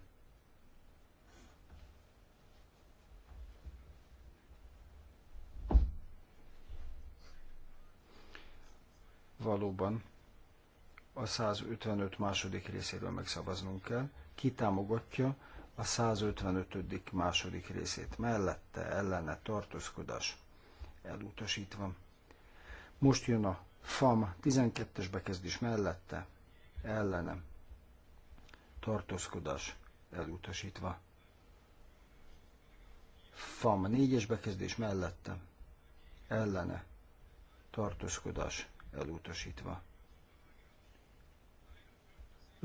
Valóban a 155 második részéről megszavaznunk kell. Ki támogatja a 155. második részét mellette ellene tartózkodás elutasítva. Most jön a FAM 12-es bekezdés mellette ellene tartózkodás elutasítva. FAM 4-es bekezdés mellette ellene tartózkodás elutasítva.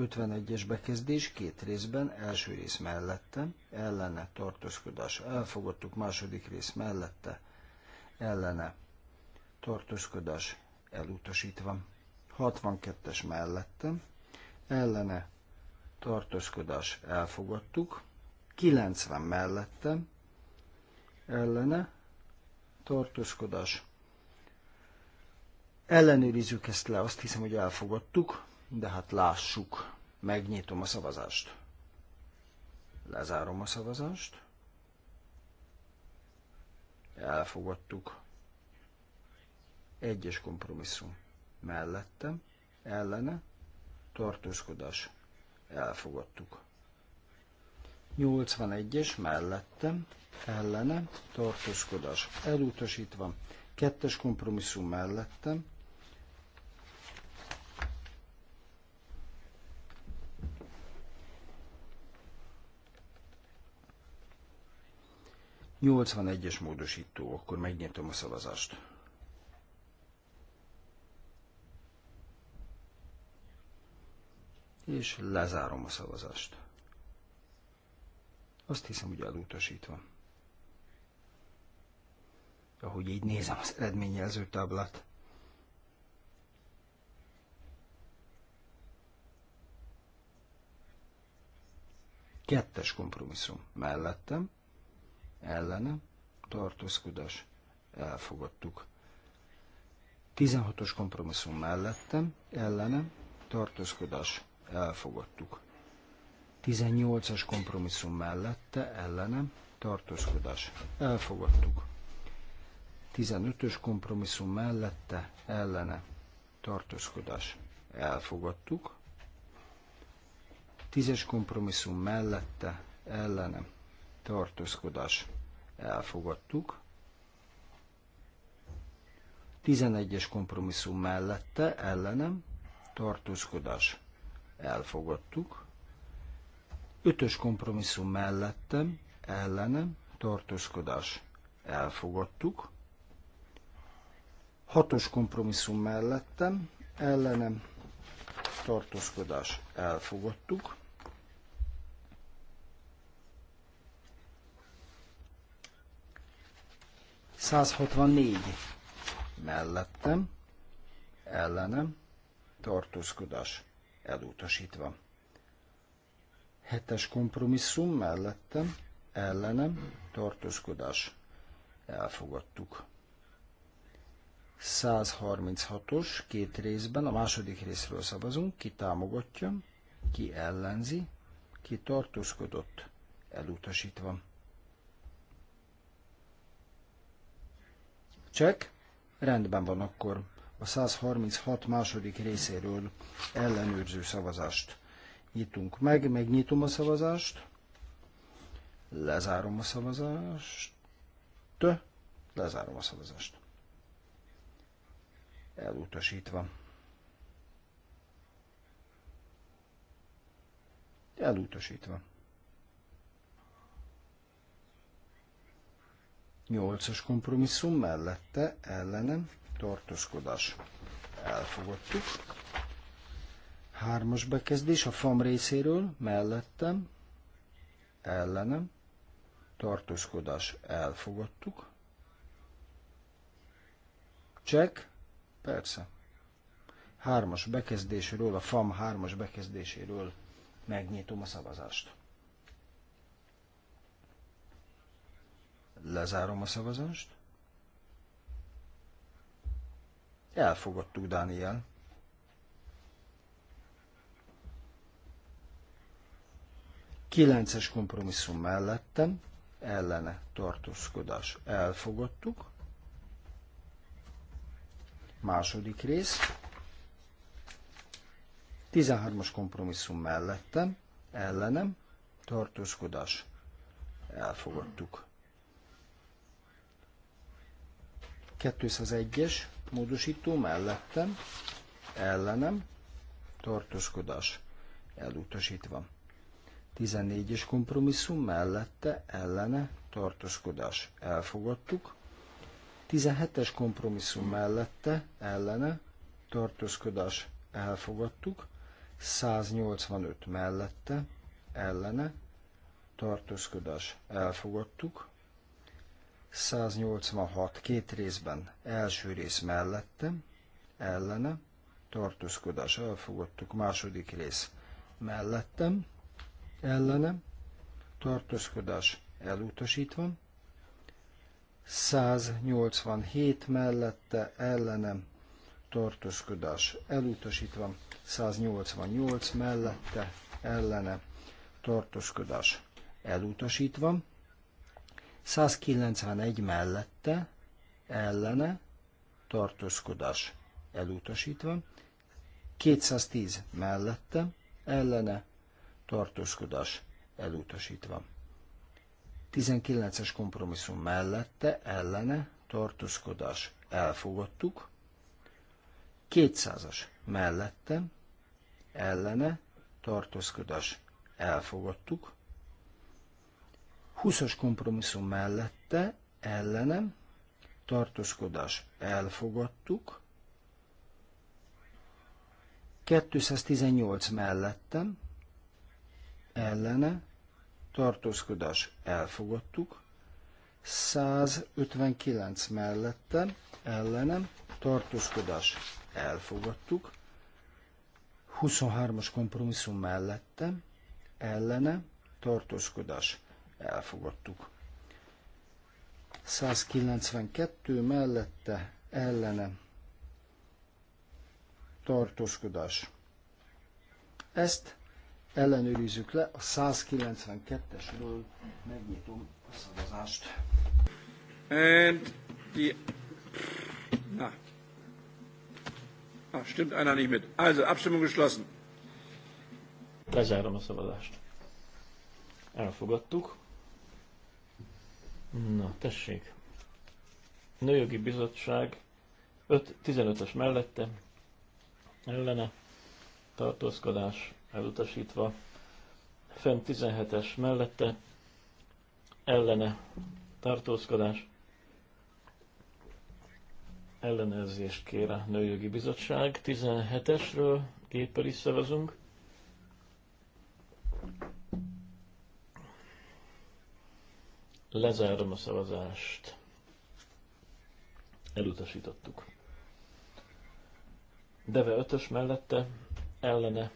51-es bekezdés két részben, első rész mellette, ellene tartózkodás. Elfogadtuk második rész mellette, ellene tartózkodás elutasítva. 62-es mellette, ellene tartózkodás elfogadtuk. 90 mellette, ellene tartózkodás ellenőrizzük ezt le, azt hiszem, hogy elfogadtuk de hát lássuk. Megnyitom a szavazást. Lezárom a szavazást. Elfogadtuk. Egyes kompromisszum. Mellettem, ellene, tartózkodás. Elfogadtuk. 81-es mellettem, ellene, tartózkodás elutasítva, kettes kompromisszum mellettem, 81-es módosító, akkor megnyitom a szavazást. És lezárom a szavazást. Azt hiszem, hogy elutasítva. Ahogy így nézem az eredményjelző táblát. Kettes kompromisszum mellettem, ellene tartózkodás elfogadtuk. 16-os kompromisszum mellettem ellene tartózkodás elfogadtuk. 18-as kompromisszum mellette ellene tartózkodás elfogadtuk. 15-ös kompromisszum mellette ellene tartózkodás elfogadtuk. 10-es kompromisszum mellette ellenem tartózkodás elfogadtuk. 11-es kompromisszum mellette ellenem tartózkodás elfogadtuk. 5-ös kompromisszum mellettem ellenem tartózkodás elfogadtuk. 6-os kompromisszum mellettem ellenem tartózkodás elfogadtuk. 164 mellettem, ellenem, tartózkodás elutasítva. Hetes kompromisszum mellettem, ellenem, tartózkodás elfogadtuk. 136-os, két részben, a második részről szavazunk, ki támogatja, ki ellenzi, ki tartózkodott, elutasítva. Csek? Rendben van akkor a 136 második részéről ellenőrző szavazást nyitunk meg, megnyitom a szavazást, lezárom a szavazást, lezárom a szavazást. Elutasítva. Elutasítva. 8-as kompromisszum mellette ellenem tartózkodás. Elfogadtuk. 3-as bekezdés a FAM részéről mellettem ellenem tartózkodás. Elfogadtuk. Csek? Persze. 3-as bekezdésről, a FAM 3-as bekezdéséről megnyitom a szavazást. Lezárom a szavazást. Elfogadtuk, Dániel. Kilences kompromisszum mellettem, ellene tartózkodás elfogadtuk. Második rész. 13-as kompromisszum mellettem, ellenem, tartózkodás elfogadtuk. 201-es módosító mellettem, ellenem, tartózkodás elutasítva. 14-es kompromisszum mellette, ellene, tartózkodás elfogadtuk. 17-es kompromisszum mellette, ellene, tartózkodás elfogadtuk. 185 mellette, ellene, tartózkodás elfogadtuk. 186 két részben első rész mellette, ellene, tartózkodás elfogadtuk, második rész mellettem, ellenem, tartózkodás elutasítva, 187 mellette ellenem, tartózkodás elutasítva, 188 mellette ellene, tartózkodás elutasítva, 191 mellette, ellene, tartózkodás elutasítva, 210 mellette, ellene, tartózkodás elutasítva. 19-es kompromisszum mellette, ellene, tartózkodás elfogadtuk, 200-as mellette, ellene, tartózkodás elfogadtuk, 20-as kompromisszum mellette, ellenem, tartózkodás elfogadtuk, 218 mellettem, ellene, tartózkodás elfogadtuk, 159 mellettem, ellenem, tartózkodás elfogadtuk, 23-as kompromisszum mellettem, ellene, tartózkodás elfogadtuk. 192 mellette ellene tartózkodás. Ezt ellenőrizzük le a 192-esről, megnyitom a szavazást. And the... Na. Ah, stimmt einer nicht mit. Also, Abstimmung geschlossen. Lezárom a szavazást. Elfogadtuk. Na, tessék. Nőjogi Bizottság 5-15-ös mellette ellene tartózkodás elutasítva. Fent 17-es mellette ellene tartózkodás ellenőrzést kér a Nőjogi Bizottság. 17-esről géppel is szavazunk. Lezárom a szavazást. Elutasítottuk. Deve 5 mellette, ellene,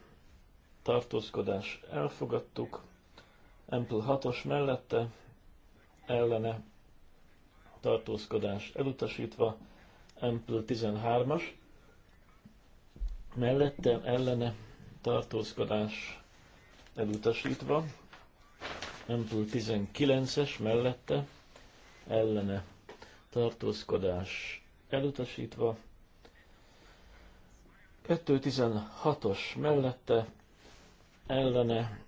tartózkodás elfogadtuk. Empl 6-os mellette, ellene, tartózkodás elutasítva. Empl 13-as mellette, ellene, tartózkodás elutasítva. Ampul 19-es mellette ellene tartózkodás elutasítva. 216-os mellette ellene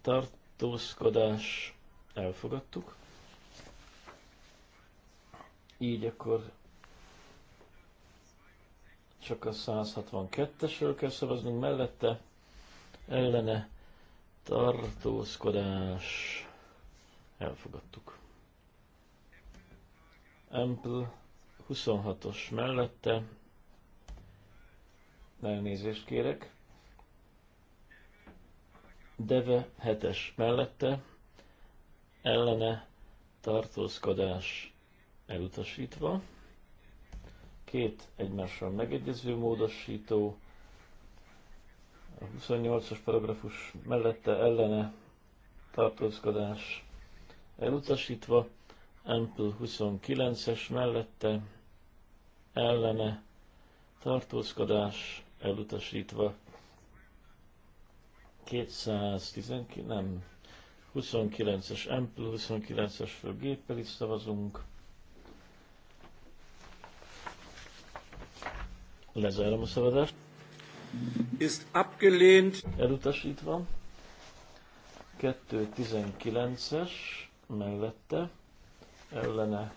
tartózkodás elfogadtuk. Így akkor csak a 162-esről kell szavaznunk mellette, ellene tartózkodás, elfogadtuk. Ample 26-os mellette, elnézést kérek, Deve 7-es mellette, ellene tartózkodás elutasítva, két egymással megegyező módosító, a 28-as paragrafus mellette ellene tartózkodás elutasítva, Ample 29-es mellette ellene tartózkodás elutasítva, 219, nem, 29-es Ample 29-es géppel is szavazunk, lezárom a szavazást ist abgelehnt. Elutasítva. 2.19-es mellette ellene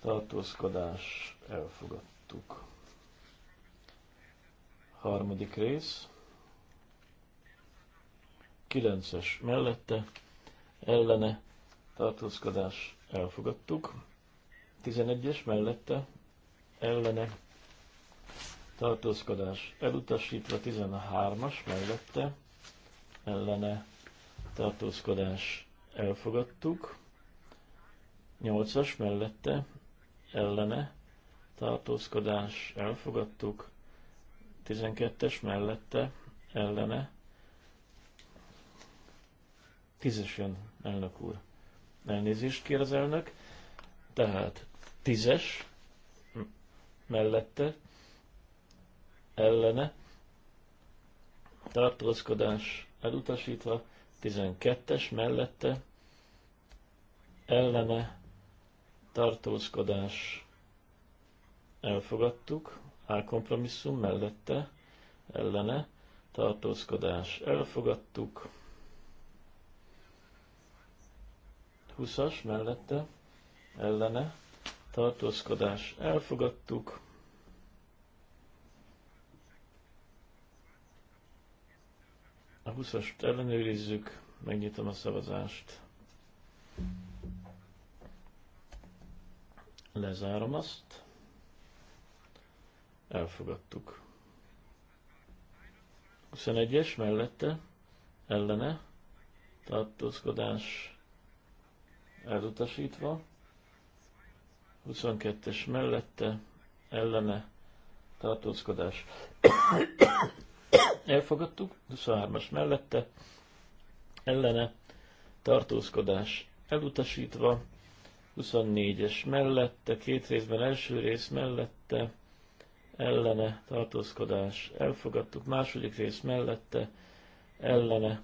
tartózkodás elfogadtuk. Harmadik rész. 9-es mellette ellene tartózkodás elfogadtuk. 11-es mellette ellene tartózkodás elutasítva 13-as mellette ellene tartózkodás elfogadtuk, 8-as mellette ellene tartózkodás elfogadtuk, 12-es mellette ellene, 10-es jön elnök úr. Elnézést kér az elnök, tehát 10-es mellette ellene, tartózkodás elutasítva, 12-es mellette, ellene, tartózkodás elfogadtuk, A kompromisszum mellette, ellene, tartózkodás elfogadtuk, 20-as mellette, ellene, tartózkodás elfogadtuk, A 20-ast ellenőrizzük, megnyitom a szavazást. Lezárom azt. Elfogadtuk. 21-es mellette, ellene, tartózkodás elutasítva. 22-es mellette, ellene, tartózkodás Elfogadtuk, 23-as mellette, ellene, tartózkodás elutasítva, 24-es mellette, két részben első rész mellette, ellene, tartózkodás elfogadtuk, második rész mellette, ellene,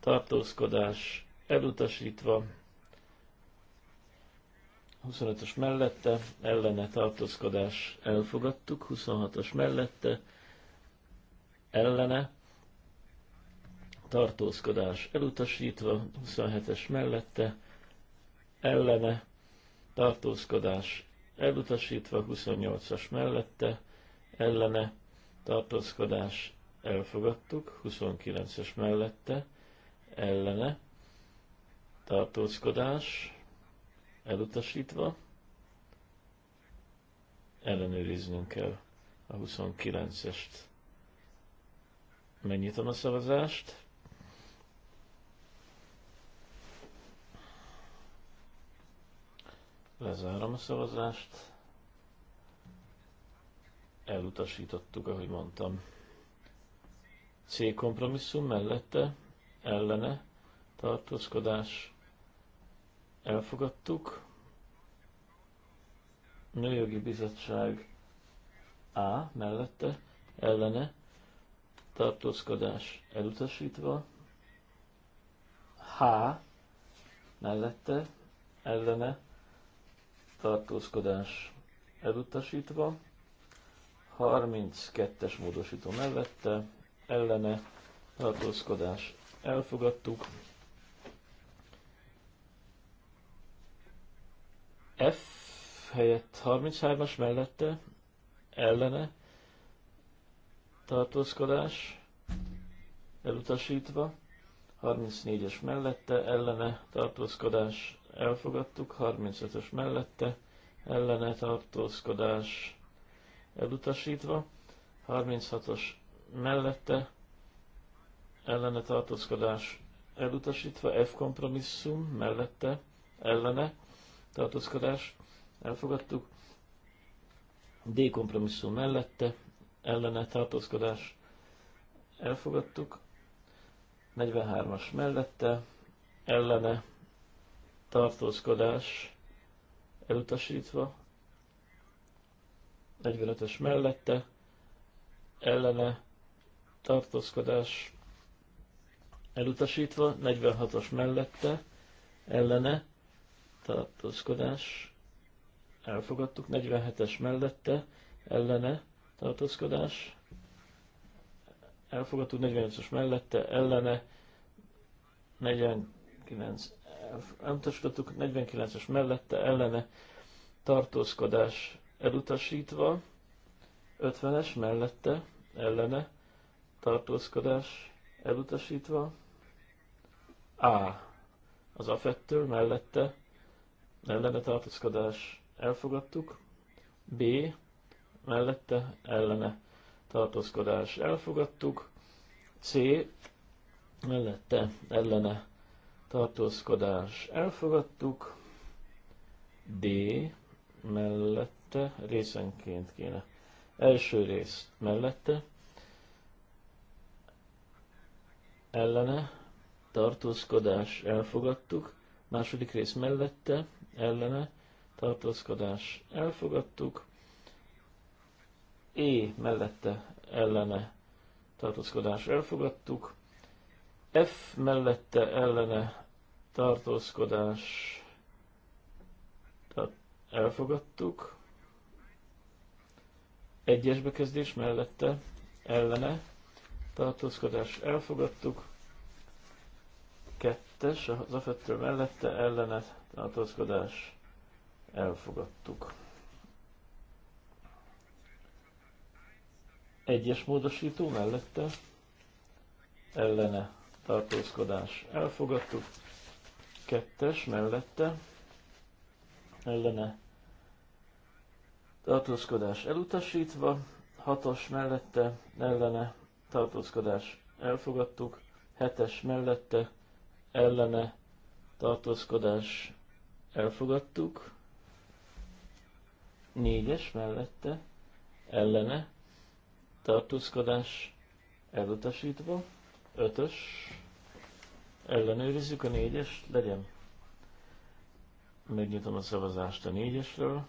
tartózkodás elutasítva, 25-ös mellette, ellene tartózkodás elfogadtuk, 26-os mellette, ellene, tartózkodás elutasítva, 27-es mellette, ellene, tartózkodás elutasítva, 28-as mellette, ellene, tartózkodás elfogadtuk, 29-es mellette, ellene, tartózkodás elutasítva, ellenőriznünk kell a 29-est. Megnyitom a szavazást. Lezárom a szavazást. Elutasítottuk, ahogy mondtam. C kompromisszum mellette, ellene, tartózkodás. Elfogadtuk. Nőjogi bizottság A mellette, ellene, tartózkodás elutasítva, H mellette ellene tartózkodás elutasítva, 32-es módosító mellette ellene tartózkodás elfogadtuk, F helyett 33-as mellette ellene tartózkodás, elutasítva, 34-es mellette, ellene tartózkodás, elfogadtuk, 35-ös mellette, ellene tartózkodás, elutasítva, 36-os mellette, ellene tartózkodás, elutasítva, F kompromisszum mellette, ellene tartózkodás, elfogadtuk, D kompromisszum mellette, ellene tartózkodás elfogadtuk, 43-as mellette ellene tartózkodás elutasítva, 45-ös mellette ellene tartózkodás elutasítva, 46-os mellette ellene tartózkodás elfogadtuk, 47-es mellette ellene tartózkodás. Elfogadtuk 48-as mellette, ellene 49 elutasítottuk, 49-es mellette, ellene tartózkodás elutasítva, 50-es mellette, ellene tartózkodás elutasítva, A. Az afettől mellette ellene tartózkodás elfogadtuk, B mellette ellene tartózkodás elfogadtuk, C mellette ellene tartózkodás elfogadtuk, D mellette részenként kéne. Első rész mellette ellene tartózkodás elfogadtuk, második rész mellette ellene tartózkodás elfogadtuk, E mellette ellene tartózkodás elfogadtuk, F mellette ellene tartózkodás elfogadtuk, egyes bekezdés mellette ellene tartózkodás elfogadtuk, kettes az afettől mellette ellene tartózkodás elfogadtuk. Egyes módosító mellette ellene tartózkodás elfogadtuk. Kettes mellette ellene tartózkodás elutasítva. Hatos mellette ellene tartózkodás elfogadtuk. Hetes mellette ellene tartózkodás elfogadtuk négyes mellette, ellene, tartózkodás elutasítva, ötös, ellenőrizzük a négyes, legyen. Megnyitom a szavazást a négyesről.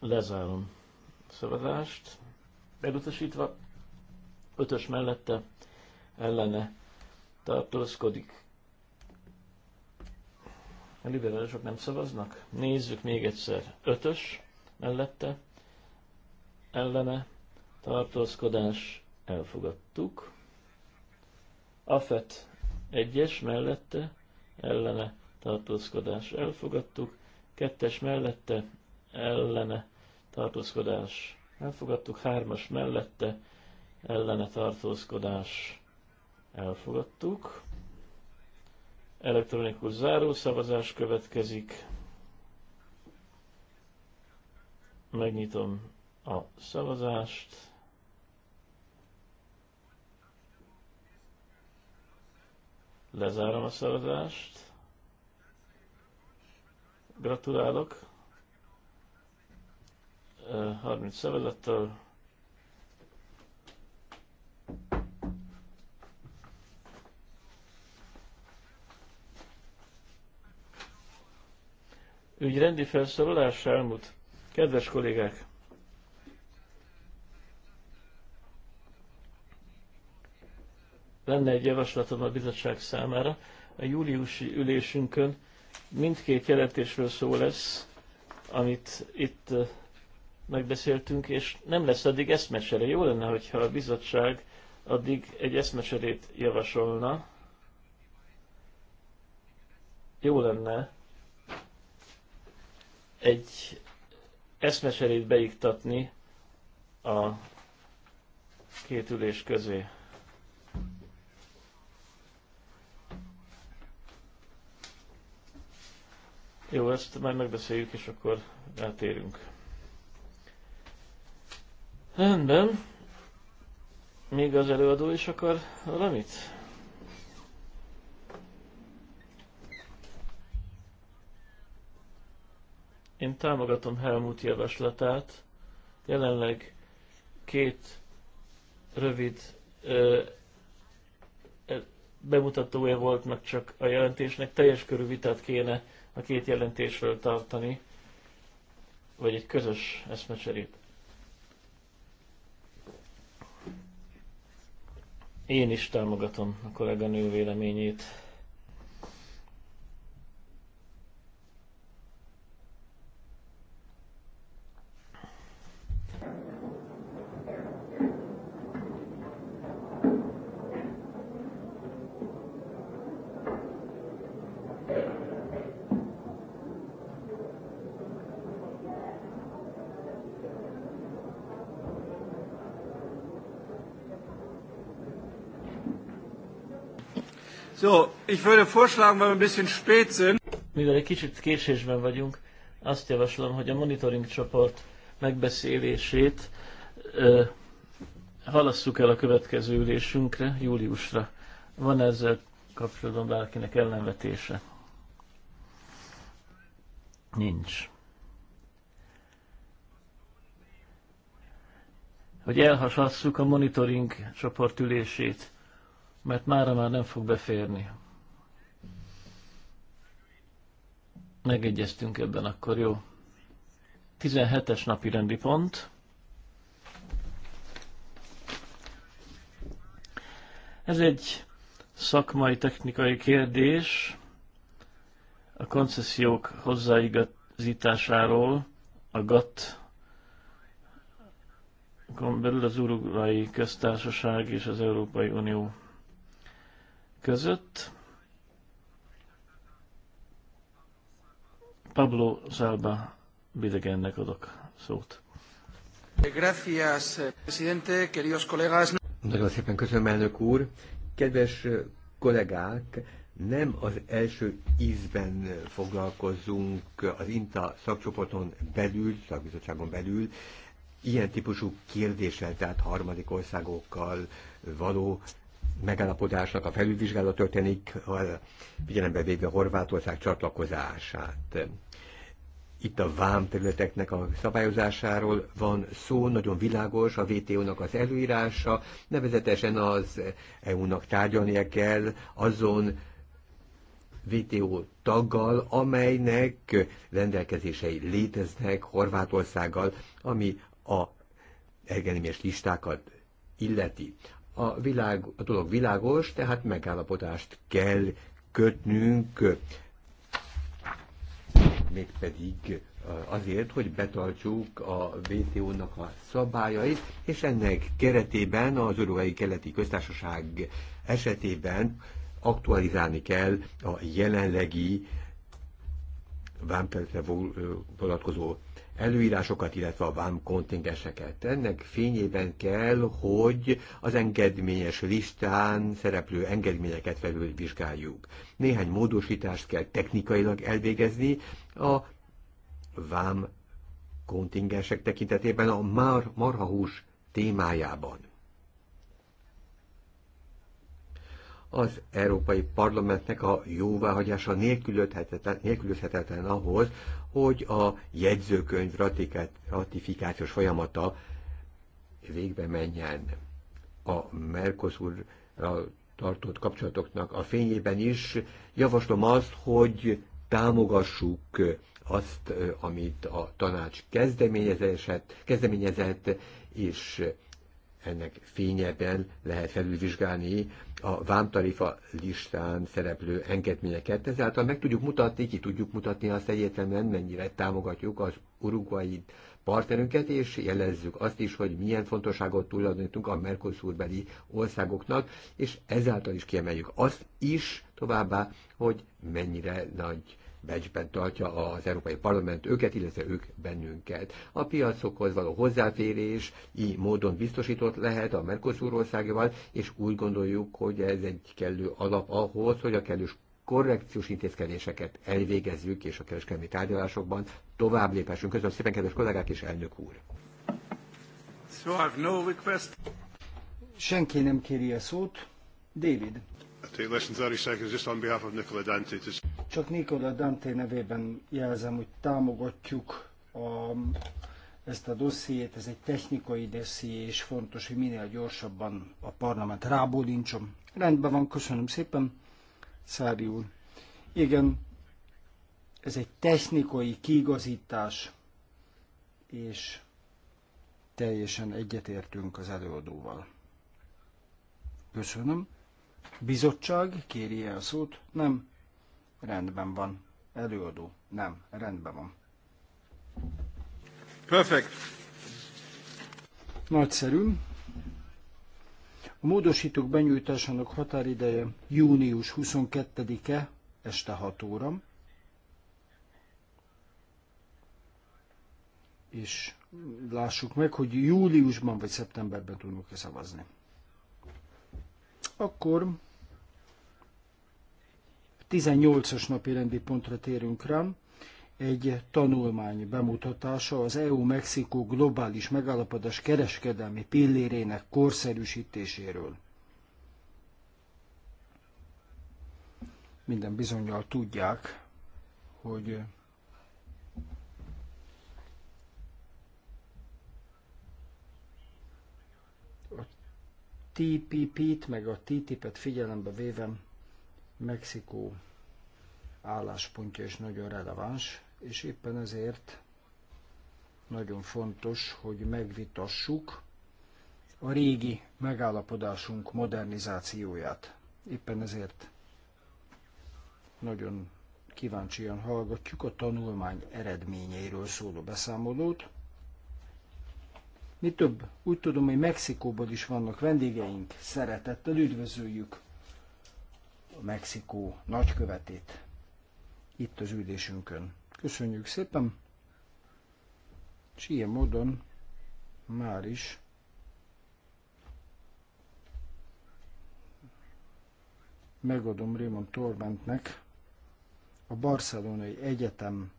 Lezárom a szavazást, elutasítva, ötös mellette, ellene tartózkodik. A liberálisok nem szavaznak? Nézzük még egyszer. Ötös mellette, ellene, tartózkodás, elfogadtuk. Afet egyes mellette, ellene, tartózkodás, elfogadtuk. Kettes mellette, ellene, tartózkodás, elfogadtuk. Hármas mellette, ellene, tartózkodás, elfogadtuk. Elektronikus zárószavazás következik. Megnyitom a szavazást. Lezárom a szavazást. Gratulálok. 30 szavazattal. Ügyrendi felszólalás elmúlt. Kedves kollégák! Lenne egy javaslatom a bizottság számára. A júliusi ülésünkön mindkét jelentésről szó lesz, amit itt megbeszéltünk, és nem lesz addig eszmecsere. Jó lenne, hogyha a bizottság addig egy eszmecserét javasolna. Jó lenne egy eszmeserét beiktatni a két ülés közé. Jó, ezt majd megbeszéljük, és akkor eltérünk. Rendben. Még az előadó is akar valamit? Én támogatom Helmut javaslatát. Jelenleg két rövid ö, bemutatója volt meg csak a jelentésnek. Teljes körű vitát kéne a két jelentésről tartani, vagy egy közös eszmecserét. Én is támogatom a kolléganő véleményét. Ich würde vorschlagen, weil wir ein bisschen spät sind. Mivel egy kicsit késésben vagyunk, azt javaslom, hogy a monitoring csoport megbeszélését ö, halasszuk el a következő ülésünkre, júliusra. Van ezzel kapcsolatban bárkinek ellenvetése? Nincs. Hogy elhasasszuk a monitoring csoport ülését, mert mára már nem fog beférni. Megegyeztünk ebben akkor, jó. 17-es napi rendi pont. Ez egy szakmai technikai kérdés a koncesziók hozzáigazításáról a GATT belül az Uruguayi Köztársaság és az Európai Unió között. Pablo Zalba Bidegennek adok szót. Gracias, presidente, queridos colegas. Nagyon szépen köszönöm, elnök úr. Kedves kollégák, nem az első ízben foglalkozunk az INTA szakcsoporton belül, szakbizottságon belül, ilyen típusú kérdéssel, tehát harmadik országokkal való megállapodásnak a felülvizsgálat történik, figyelembe véve Horvátország csatlakozását itt a vámterületeknek a szabályozásáról van szó, nagyon világos a WTO-nak az előírása, nevezetesen az EU-nak tárgyalnia kell azon WTO taggal, amelynek rendelkezései léteznek Horvátországgal, ami a elgenemes listákat illeti. A, világ, a dolog világos, tehát megállapotást kell kötnünk mégpedig eh, azért, hogy betartsuk a WTO-nak a szabályait, és ennek keretében az Uruguayi Keleti Köztársaság esetében aktualizálni kell a jelenlegi vámpercre eh, vonatkozó előírásokat, illetve a vám kontingenseket. Ennek fényében kell, hogy az engedményes listán szereplő engedményeket vizsgáljuk. Néhány módosítást kell technikailag elvégezni a vám kontingensek tekintetében a mar, marhahús témájában. az Európai Parlamentnek a jóváhagyása nélkülözhetetlen, ahhoz, hogy a jegyzőkönyv ratifikációs folyamata végbe menjen. A Mercosur tartott kapcsolatoknak a fényében is javaslom azt, hogy támogassuk azt, amit a tanács kezdeményezett, kezdeményezett és ennek fényében lehet felülvizsgálni a vámtarifa listán szereplő engedményeket. Ezáltal meg tudjuk mutatni, ki tudjuk mutatni azt egyértelműen, mennyire támogatjuk az uruguayi partnerünket, és jelezzük azt is, hogy milyen fontosságot tulajdonítunk a Mercosur-beli országoknak, és ezáltal is kiemeljük azt is továbbá, hogy mennyire nagy becsben tartja az Európai Parlament őket, illetve ők bennünket. A piacokhoz való hozzáférés így módon biztosított lehet a Mercosur országival, és úgy gondoljuk, hogy ez egy kellő alap ahhoz, hogy a kellős korrekciós intézkedéseket elvégezzük, és a kereskedelmi tárgyalásokban tovább lépessünk. Köszönöm szépen, kedves kollégák és elnök úr! So I've no request. Senki nem kéri a szót. David. I take lessons Irish just on behalf of Nicola Dante csak Nikola Dante nevében jelzem, hogy támogatjuk a, ezt a dossziét, ez egy technikai dosszié, és fontos, hogy minél gyorsabban a parlament rábólincsom. Rendben van, köszönöm szépen, Szári úr. Igen, ez egy technikai kiigazítás, és teljesen egyetértünk az előadóval. Köszönöm. Bizottság, kéri el szót? Nem. Rendben van. Előadó? Nem. Rendben van. Perfect. Nagyszerű. A módosítók benyújtásának határideje június 22-e este 6 óra. És lássuk meg, hogy júliusban vagy szeptemberben tudunk-e szavazni. Akkor 18-as napi rendi pontra térünk rá. Egy tanulmány bemutatása az EU-Mexikó globális megállapodás kereskedelmi pillérének korszerűsítéséről. Minden bizonyal tudják, hogy a TPP-t, meg a TTIP-et figyelembe véve Mexikó álláspontja is nagyon releváns, és éppen ezért nagyon fontos, hogy megvitassuk a régi megállapodásunk modernizációját. Éppen ezért nagyon kíváncsian hallgatjuk a tanulmány eredményeiről szóló beszámolót. Mi több, úgy tudom, hogy Mexikóban is vannak vendégeink, szeretettel üdvözöljük Mexikó nagykövetét itt az ülésünkön. Köszönjük szépen, és ilyen módon már is megadom Raymond Torbentnek a Barcelonai Egyetem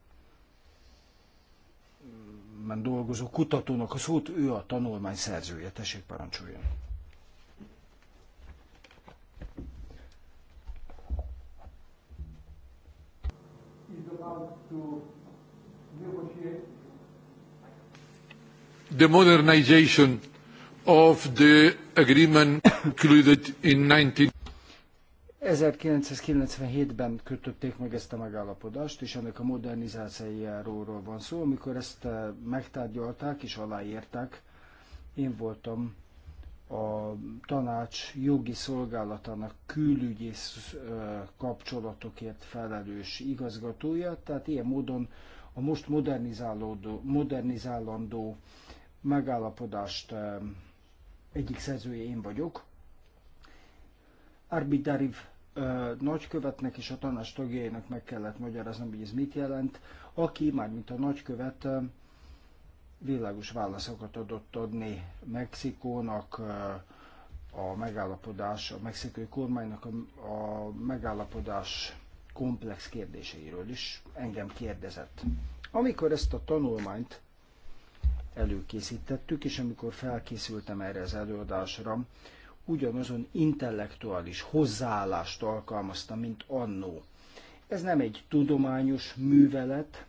dolgozó kutatónak a szót, ő a tanulmány szerzője. Tessék, parancsoljon! The modernization of the agreement concluded in 19... 1997-ben kötötték meg ezt a megállapodást, és ennek a modernizációjáról van szó. Amikor ezt eh, megtárgyalták és aláírták, én voltam a tanács jogi szolgálatának külügyész kapcsolatokért felelős igazgatója, tehát ilyen módon a most modernizálódó, modernizálandó megállapodást egyik szerzője én vagyok. Arbitariv nagykövetnek és a tanács tagjainak meg kellett magyaráznom, hogy ez mit jelent, aki, mármint a nagykövet, világos válaszokat adott adni Mexikónak, a megállapodás, a mexikai kormánynak a, a megállapodás komplex kérdéseiről is engem kérdezett. Amikor ezt a tanulmányt előkészítettük, és amikor felkészültem erre az előadásra, ugyanazon intellektuális hozzáállást alkalmaztam, mint annó. Ez nem egy tudományos művelet,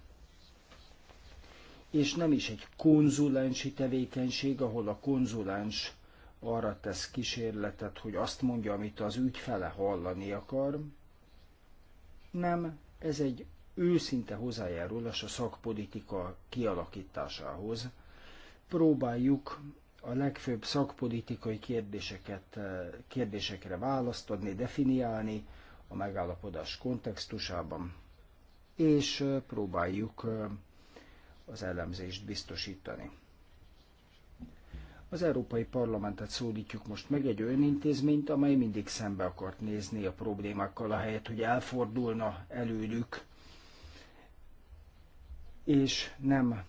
és nem is egy konzulensi tevékenység, ahol a konzulens arra tesz kísérletet, hogy azt mondja, amit az ügyfele hallani akar. Nem, ez egy őszinte hozzájárulás a szakpolitika kialakításához. Próbáljuk a legfőbb szakpolitikai kérdéseket, eh, kérdésekre választ adni, definiálni a megállapodás kontextusában, és eh, próbáljuk eh, az elemzést biztosítani. Az Európai Parlamentet szólítjuk most meg egy olyan intézményt, amely mindig szembe akart nézni a problémákkal, ahelyett, hogy elfordulna előlük, és nem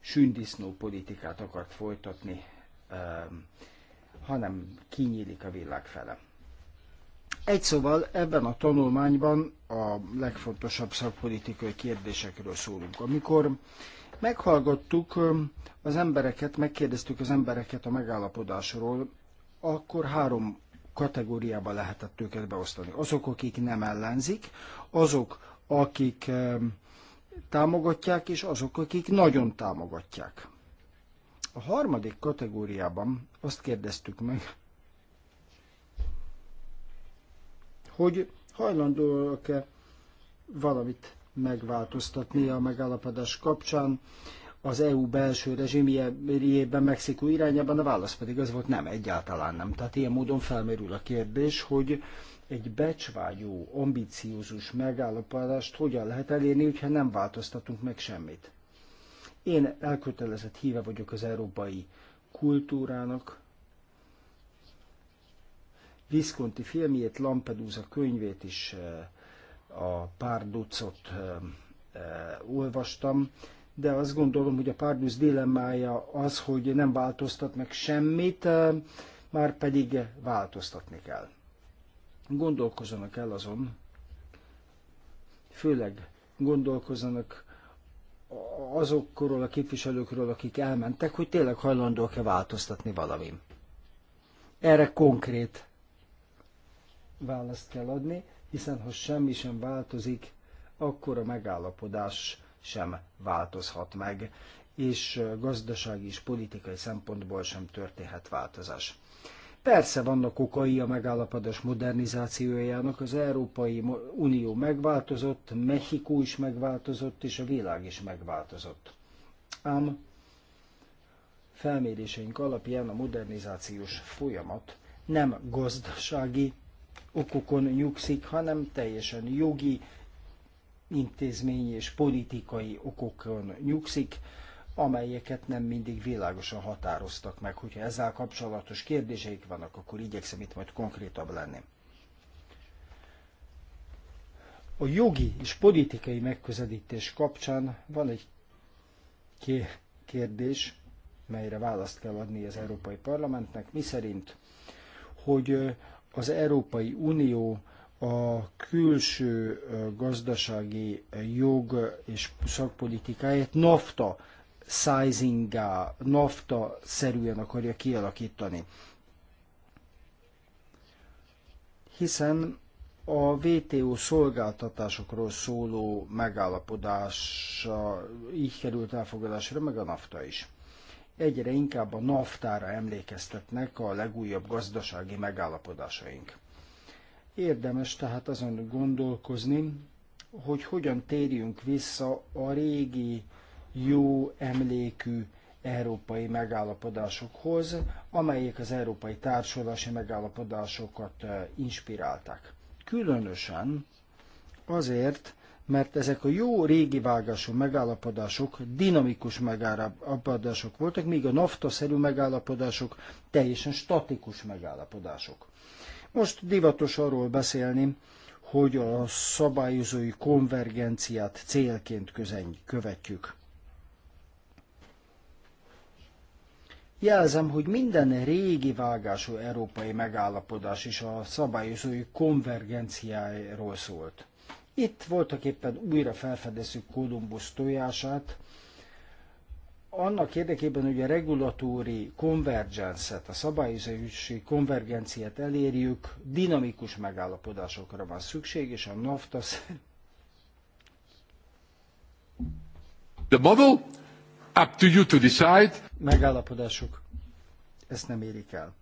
sündisznó politikát akart folytatni, ehm, hanem kinyílik a világ fele. Egy szóval ebben a tanulmányban a legfontosabb szakpolitikai kérdésekről szólunk. Amikor meghallgattuk az embereket, megkérdeztük az embereket a megállapodásról, akkor három kategóriába lehetett őket beosztani. Azok, akik nem ellenzik, azok, akik támogatják, és azok, akik nagyon támogatják. A harmadik kategóriában azt kérdeztük meg, hogy hajlandóak-e valamit megváltoztatni a megállapodás kapcsán az EU belső rezsimjében Mexikó irányában, a válasz pedig az volt nem, egyáltalán nem. Tehát ilyen módon felmerül a kérdés, hogy egy becsvágyó, ambiciózus megállapodást hogyan lehet elérni, hogyha nem változtatunk meg semmit. Én elkötelezett híve vagyok az európai kultúrának, Visconti filmjét, Lampedusa könyvét is eh, a pár ducot eh, eh, olvastam, de azt gondolom, hogy a párduc dilemmája az, hogy nem változtat meg semmit, már pedig változtatni kell. Gondolkozzanak el azon, főleg gondolkozzanak azokról a képviselőkről, akik elmentek, hogy tényleg hajlandóak-e változtatni valamit? Erre konkrét választ kell adni, hiszen ha semmi sem változik, akkor a megállapodás sem változhat meg, és gazdasági és politikai szempontból sem történhet változás. Persze vannak okai a megállapodás modernizációjának, az Európai Unió megváltozott, Mexikó is megváltozott, és a világ is megváltozott. Ám felméréseink alapján a modernizációs folyamat nem gazdasági okokon nyugszik, hanem teljesen jogi, intézményi és politikai okokon nyugszik, amelyeket nem mindig világosan határoztak meg. Hogyha ezzel kapcsolatos kérdéseik vannak, akkor igyekszem itt majd konkrétabb lenni. A jogi és politikai megközelítés kapcsán van egy kérdés, melyre választ kell adni az Európai Parlamentnek, szerint, hogy az Európai Unió a külső gazdasági jog és szakpolitikáját NAFTA sizingá, NAFTA szerűen akarja kialakítani. Hiszen a WTO szolgáltatásokról szóló megállapodás így került elfogadásra, meg a NAFTA is egyre inkább a naftára emlékeztetnek a legújabb gazdasági megállapodásaink. Érdemes tehát azon gondolkozni, hogy hogyan térjünk vissza a régi jó emlékű európai megállapodásokhoz, amelyek az európai társulási megállapodásokat eh, inspirálták. Különösen azért, mert ezek a jó régi vágású megállapodások dinamikus megállapodások voltak, míg a NAFTA-szerű megállapodások teljesen statikus megállapodások. Most divatos arról beszélni, hogy a szabályozói konvergenciát célként közen követjük. Jelzem, hogy minden régi vágású európai megállapodás is a szabályozói konvergenciáról szólt. Itt voltak éppen újra felfedezzük Kolumbusz tojását, annak érdekében, hogy a regulatóri konvergenszet, a szabályozási konvergenciát elérjük, dinamikus megállapodásokra van szükség, és a NAFTA The model, up to you to decide. Megállapodások ezt nem érik el.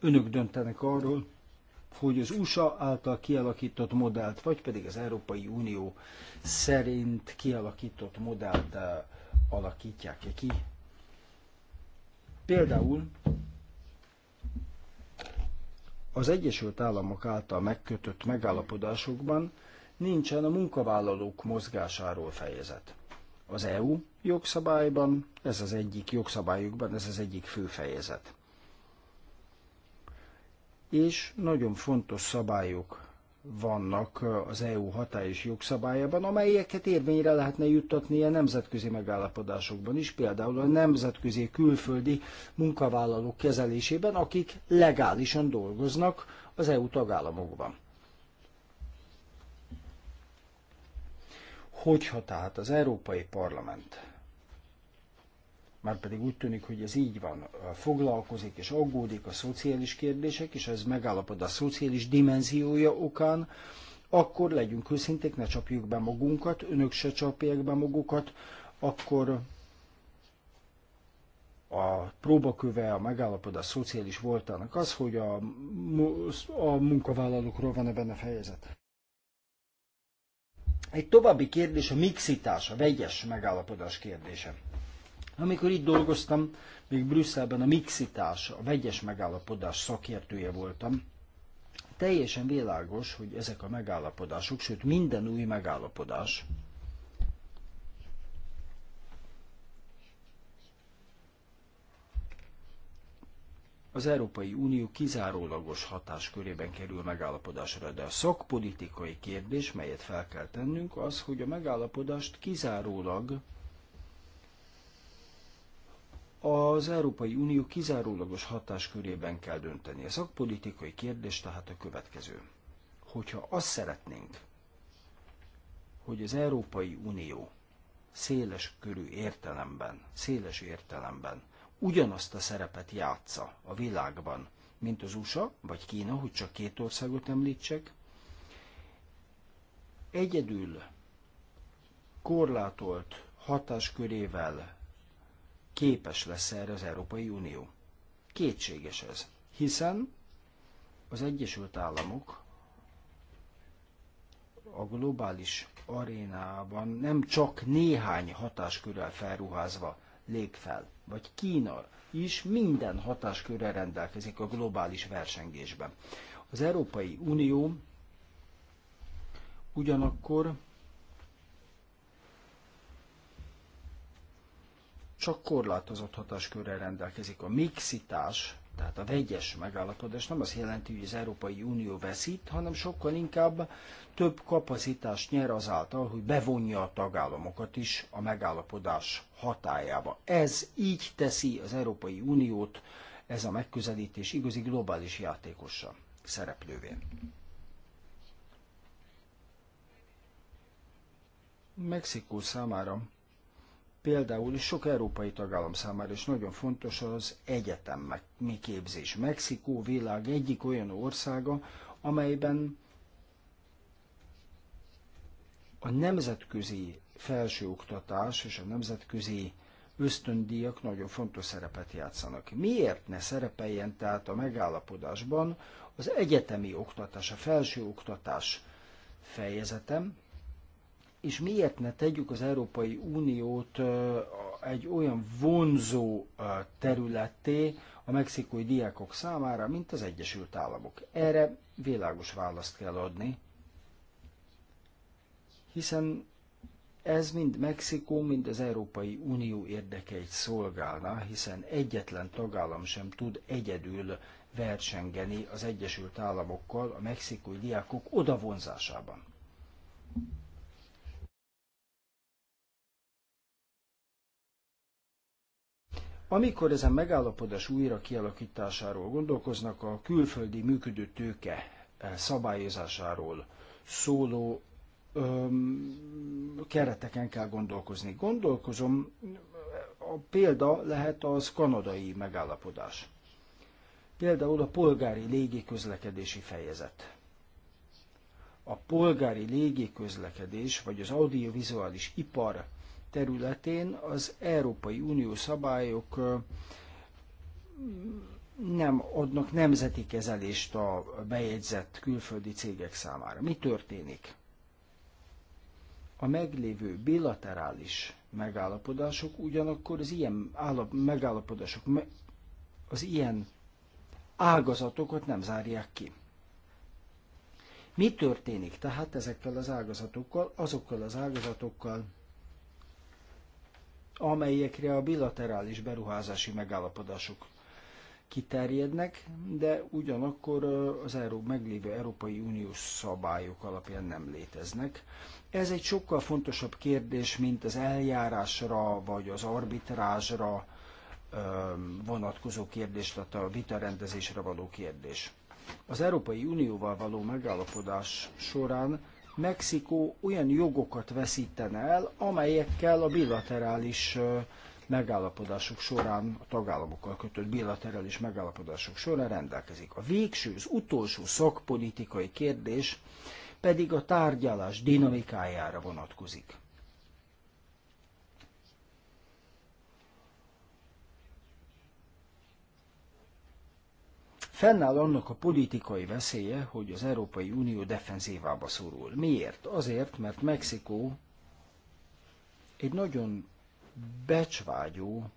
Önök döntenek arról, hogy az USA által kialakított modellt, vagy pedig az Európai Unió szerint kialakított modellt eh, alakítják -e ki. Például az Egyesült Államok által megkötött megállapodásokban nincsen a munkavállalók mozgásáról fejezet. Az EU jogszabályban, ez az egyik jogszabályokban, ez az egyik fő fejezet és nagyon fontos szabályok vannak az EU hatályos jogszabályában, amelyeket érvényre lehetne juttatni a nemzetközi megállapodásokban is, például a nemzetközi külföldi munkavállalók kezelésében, akik legálisan dolgoznak az EU tagállamokban. Hogyha tehát az Európai Parlament már pedig úgy tűnik, hogy ez így van. Foglalkozik és aggódik a szociális kérdések, és ez megállapod a szociális dimenziója okán, akkor legyünk őszinték, ne csapjuk be magunkat, önök se csapják be magukat, akkor a próbaköve, a megállapodás szociális voltának az, hogy a, a munkavállalókról van-e benne fejezet. Egy további kérdés a mixitás, a vegyes megállapodás kérdése. Amikor itt dolgoztam, még Brüsszelben a mixitás, a vegyes megállapodás szakértője voltam, teljesen világos, hogy ezek a megállapodások, sőt minden új megállapodás, az Európai Unió kizárólagos hatás körében kerül megállapodásra, de a szakpolitikai kérdés, melyet fel kell tennünk, az, hogy a megállapodást kizárólag az Európai Unió kizárólagos hatáskörében kell dönteni. A szakpolitikai kérdés tehát a következő. Hogyha azt szeretnénk, hogy az Európai Unió széles körű értelemben, széles értelemben ugyanazt a szerepet játsza a világban, mint az USA vagy Kína, hogy csak két országot említsek, egyedül korlátolt hatáskörével képes lesz erre az Európai Unió. Kétséges ez, hiszen az Egyesült Államok a globális arénában nem csak néhány hatáskörrel felruházva lép fel, vagy Kína is minden hatáskörrel rendelkezik a globális versengésben. Az Európai Unió ugyanakkor csak korlátozott hatáskörrel rendelkezik. A mixitás, tehát a vegyes megállapodás nem azt jelenti, hogy az Európai Unió veszít, hanem sokkal inkább több kapacitást nyer azáltal, hogy bevonja a tagállamokat is a megállapodás hatájába. Ez így teszi az Európai Uniót, ez a megközelítés igazi globális játékosa szereplővé. Mexikó számára Például is sok európai tagállam számára is nagyon fontos az egyetem mi képzés. Mexikó világ egyik olyan országa, amelyben a nemzetközi felsőoktatás és a nemzetközi ösztöndíjak nagyon fontos szerepet játszanak. Miért ne szerepeljen tehát a megállapodásban az egyetemi oktatás, a felsőoktatás fejezetem, és miért ne tegyük az Európai Uniót egy olyan vonzó területté a mexikói diákok számára, mint az Egyesült Államok? Erre világos választ kell adni, hiszen ez mind Mexikó, mind az Európai Unió érdekeit szolgálna, hiszen egyetlen tagállam sem tud egyedül versengeni az Egyesült Államokkal a mexikói diákok odavonzásában. Amikor ezen megállapodás újra kialakításáról gondolkoznak, a külföldi működő tőke eh, szabályozásáról szóló öm, kereteken kell gondolkozni. Gondolkozom, a példa lehet az kanadai megállapodás. Például a polgári légiközlekedési fejezet. A polgári légiközlekedés, vagy az audiovizuális ipar területén az Európai Unió szabályok nem adnak nemzeti kezelést a bejegyzett külföldi cégek számára. Mi történik? A meglévő bilaterális megállapodások ugyanakkor az ilyen állap, megállapodások, az ilyen ágazatokat nem zárják ki. Mi történik tehát ezekkel az ágazatokkal, azokkal az ágazatokkal, amelyekre a bilaterális beruházási megállapodások kiterjednek, de ugyanakkor az Euró, meglévő Európai Uniós szabályok alapján nem léteznek. Ez egy sokkal fontosabb kérdés, mint az eljárásra vagy az arbitrázsra vonatkozó kérdés, tehát a vitarendezésre való kérdés. Az Európai Unióval való megállapodás során Mexikó olyan jogokat veszítene el, amelyekkel a bilaterális megállapodások során, a tagállamokkal kötött bilaterális megállapodások során rendelkezik. A végső, az utolsó szakpolitikai kérdés pedig a tárgyalás dinamikájára vonatkozik. fennáll annak a politikai veszélye, hogy az Európai Unió defenzívába szorul. Miért? Azért, mert Mexikó egy nagyon becsvágyó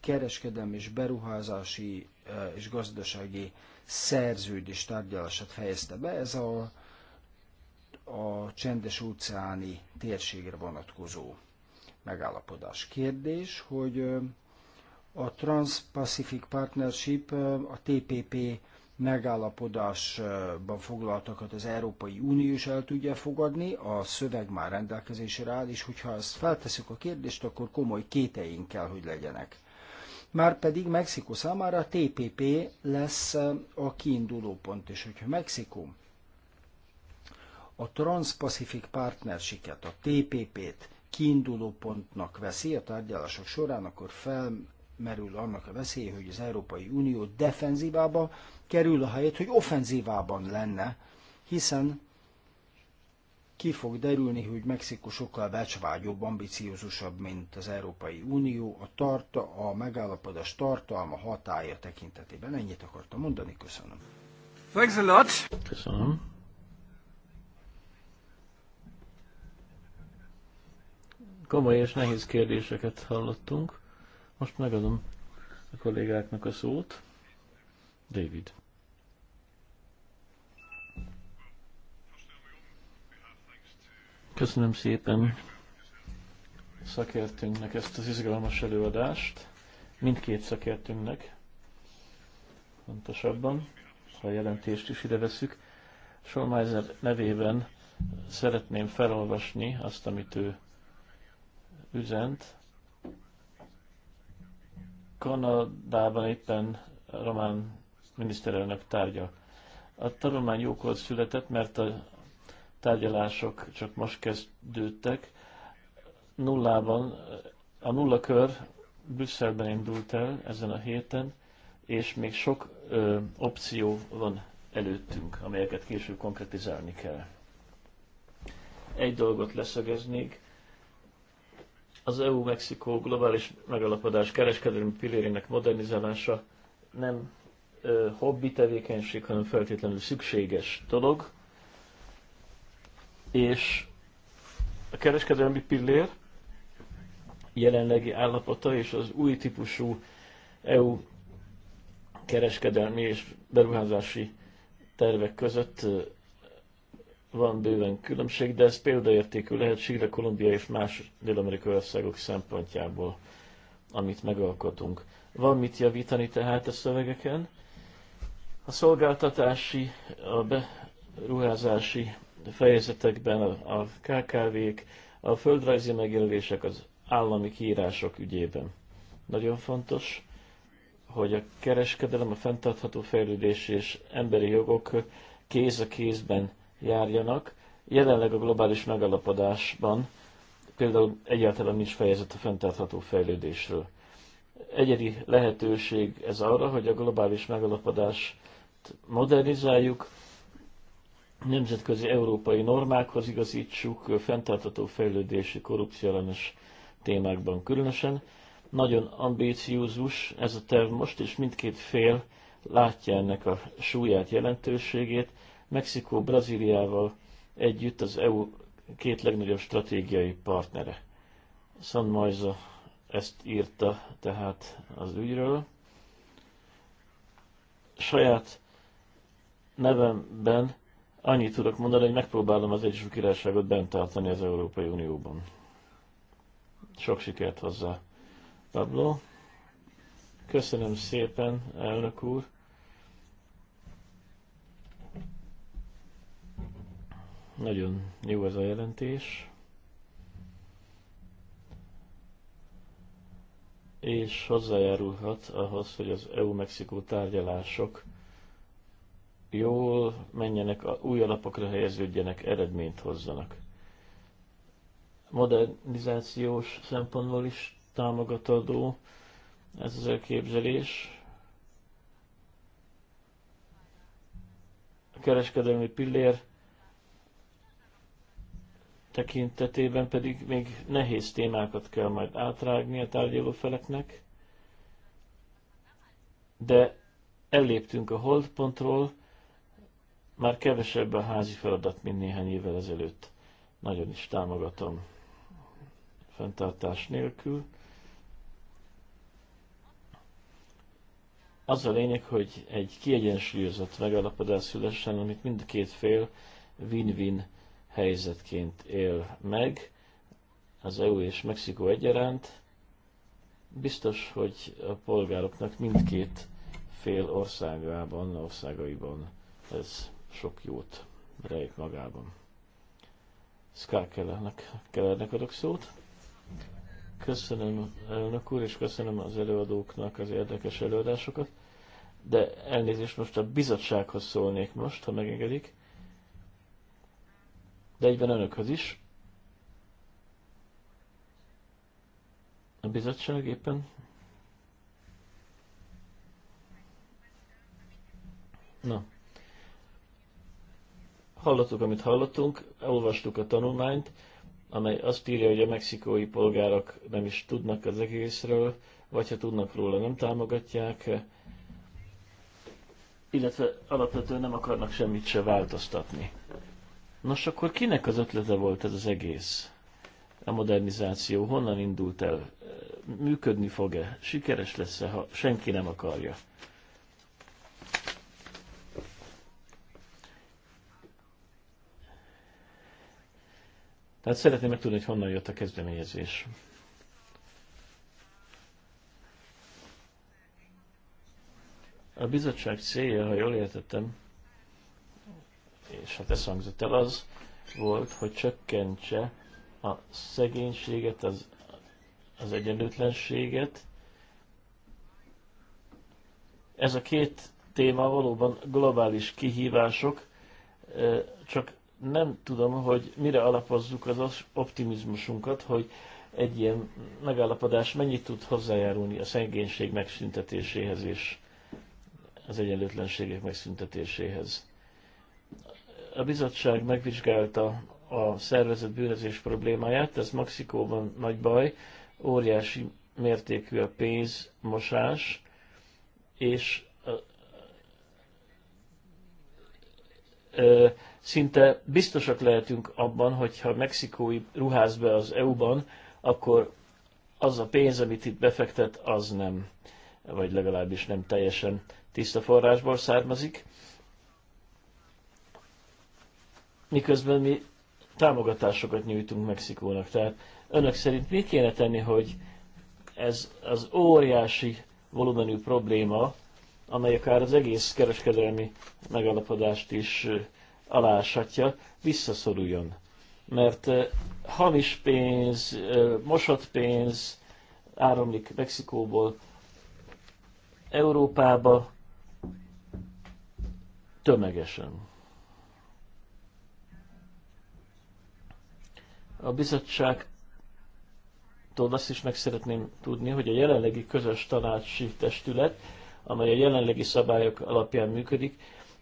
kereskedelmi és beruházási e, és gazdasági szerződés tárgyalását fejezte be. Ez a, a csendes óceáni térségre vonatkozó megállapodás. Kérdés, hogy e, a Trans-Pacific Partnership, a TPP megállapodásban foglaltakat az Európai Unió is el tudja fogadni, a szöveg már rendelkezésre áll, és hogyha ezt felteszük a kérdést, akkor komoly kéteink kell, hogy legyenek. Márpedig Mexikó számára a TPP lesz a kiinduló pont, és hogyha Mexikó a Trans-Pacific Partnership-et, a TPP-t kiinduló pontnak veszi a tárgyalások során, akkor fel merül annak a veszély, hogy az Európai Unió defenzívába kerül a helyet, hogy offenzívában lenne, hiszen ki fog derülni, hogy Mexikó sokkal becsvágyobb, ambiciózusabb, mint az Európai Unió a, tarta, a megállapodás tartalma hatája tekintetében. Ennyit akartam mondani, köszönöm. Thanks a lot. Köszönöm. Komoly és nehéz kérdéseket hallottunk. Most megadom a kollégáknak a szót. David. Köszönöm szépen szakértőnknek ezt az izgalmas előadást, mindkét szakértőnknek, pontosabban, ha a jelentést is ide veszük. Solmeiser nevében szeretném felolvasni azt, amit ő üzent, Kanadában éppen román miniszterelnök tárgya. A tanulmány jókor született, mert a tárgyalások csak most kezdődtek. Nullában, a nulla kör Brüsszelben indult el ezen a héten, és még sok ö, opció van előttünk, amelyeket később konkretizálni kell. Egy dolgot leszögeznék, az EU-Mexikó globális megalapodás kereskedelmi pillérének modernizálása nem ö, hobbi tevékenység, hanem feltétlenül szükséges dolog. És a kereskedelmi pillér jelenlegi állapota és az új típusú EU kereskedelmi és beruházási tervek között van bőven különbség, de ez példaértékű lehet Síle, Kolumbia és más dél-amerikai országok szempontjából, amit megalkotunk. Van mit javítani tehát a szövegeken. A szolgáltatási, a beruházási fejezetekben a, a KKV-k, a földrajzi megjelölések az állami kiírások ügyében. Nagyon fontos, hogy a kereskedelem, a fenntartható fejlődés és emberi jogok kéz a kézben járjanak. Jelenleg a globális megalapodásban például egyáltalán nincs fejezet a fenntartható fejlődésről. Egyedi lehetőség ez arra, hogy a globális megalapodást modernizáljuk, nemzetközi európai normákhoz igazítsuk, fenntartható fejlődési korrupcióellenes témákban különösen. Nagyon ambíciózus ez a terv most, és mindkét fél látja ennek a súlyát, jelentőségét, Mexikó Brazíliával együtt az EU két legnagyobb stratégiai partnere. San Majza ezt írta tehát az ügyről. Saját nevemben annyit tudok mondani, hogy megpróbálom az Egyesült Királyságot bent tartani az Európai Unióban. Sok sikert hozzá, Pablo. Köszönöm szépen, elnök úr. Nagyon jó ez a jelentés. És hozzájárulhat ahhoz, hogy az EU-Mexikó tárgyalások jól menjenek, a új alapokra helyeződjenek, eredményt hozzanak. Modernizációs szempontból is támogatadó ez az elképzelés. A kereskedelmi pillér tekintetében pedig még nehéz témákat kell majd átrágni a tárgyaló feleknek, de elléptünk a holdpontról, már kevesebb a házi feladat, mint néhány évvel ezelőtt. Nagyon is támogatom fenntartás nélkül. Az a lényeg, hogy egy kiegyensúlyozott megállapodás szülessen, amit mind a két fél win-win helyzetként él meg, az EU és Mexikó egyaránt. Biztos, hogy a polgároknak mindkét fél országában, országaiban ez sok jót rejt magában. Ská Kellernek, Kellernek adok szót. Köszönöm elnök úr, és köszönöm az előadóknak az érdekes előadásokat. De elnézést most a bizottsághoz szólnék most, ha megengedik de egyben önökhöz is. A bizottság éppen Na. Hallottuk, amit hallottunk, olvastuk a tanulmányt, amely azt írja, hogy a mexikói polgárok nem is tudnak az egészről, vagy ha tudnak róla, nem támogatják, illetve alapvetően nem akarnak semmit se változtatni. Nos, akkor kinek az ötlete volt ez az egész? A modernizáció honnan indult el? Működni fog-e? Sikeres lesz-e, ha senki nem akarja? Tehát szeretném megtudni, hogy honnan jött a kezdeményezés. A bizottság célja, ha jól értettem, és hát ez hangzott el, az volt, hogy csökkentse a szegénységet, az, az egyenlőtlenséget. Ez a két téma valóban globális kihívások, csak nem tudom, hogy mire alapozzuk az optimizmusunkat, hogy egy ilyen megállapodás mennyit tud hozzájárulni a szegénység megszüntetéséhez és az egyenlőtlenségek megszüntetéséhez a bizottság megvizsgálta a szervezett bűnözés problémáját, ez Mexikóban nagy baj, óriási mértékű a pénzmosás, és szinte biztosak lehetünk abban, hogyha mexikói ruház be az EU-ban, akkor az a pénz, amit itt befektet, az nem, vagy legalábbis nem teljesen tiszta forrásból származik miközben mi támogatásokat nyújtunk Mexikónak. Tehát önök szerint mit kéne tenni, hogy ez az óriási volumenű probléma, amely akár az egész kereskedelmi megalapodást is alásatja, visszaszoruljon. Mert hamis pénz, mosott pénz áramlik Mexikóból Európába tömegesen. A bizottságtól azt is meg szeretném tudni, hogy a jelenlegi közös tanácsi testület, amely a jelenlegi szabályok alapján működik,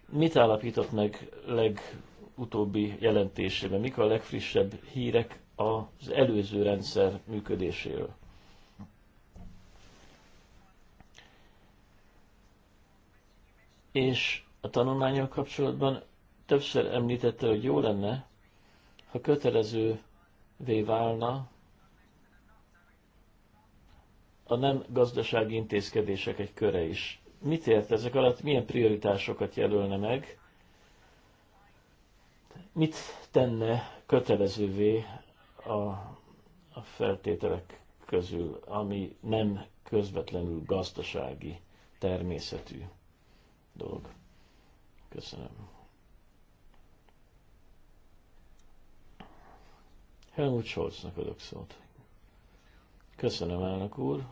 mit állapított meg legutóbbi jelentésében? Mik a legfrissebb hírek az előző rendszer működéséről? És a tanulmányok kapcsolatban többször említette, hogy jó lenne, ha kötelező válna a nem gazdasági intézkedések egy köre is. Mit ért ezek alatt, milyen prioritásokat jelölne meg, mit tenne kötelezővé a, a feltételek közül, ami nem közvetlenül gazdasági természetű dolog. Köszönöm. Helmut Scholznak adok szót. Köszönöm, elnök úr.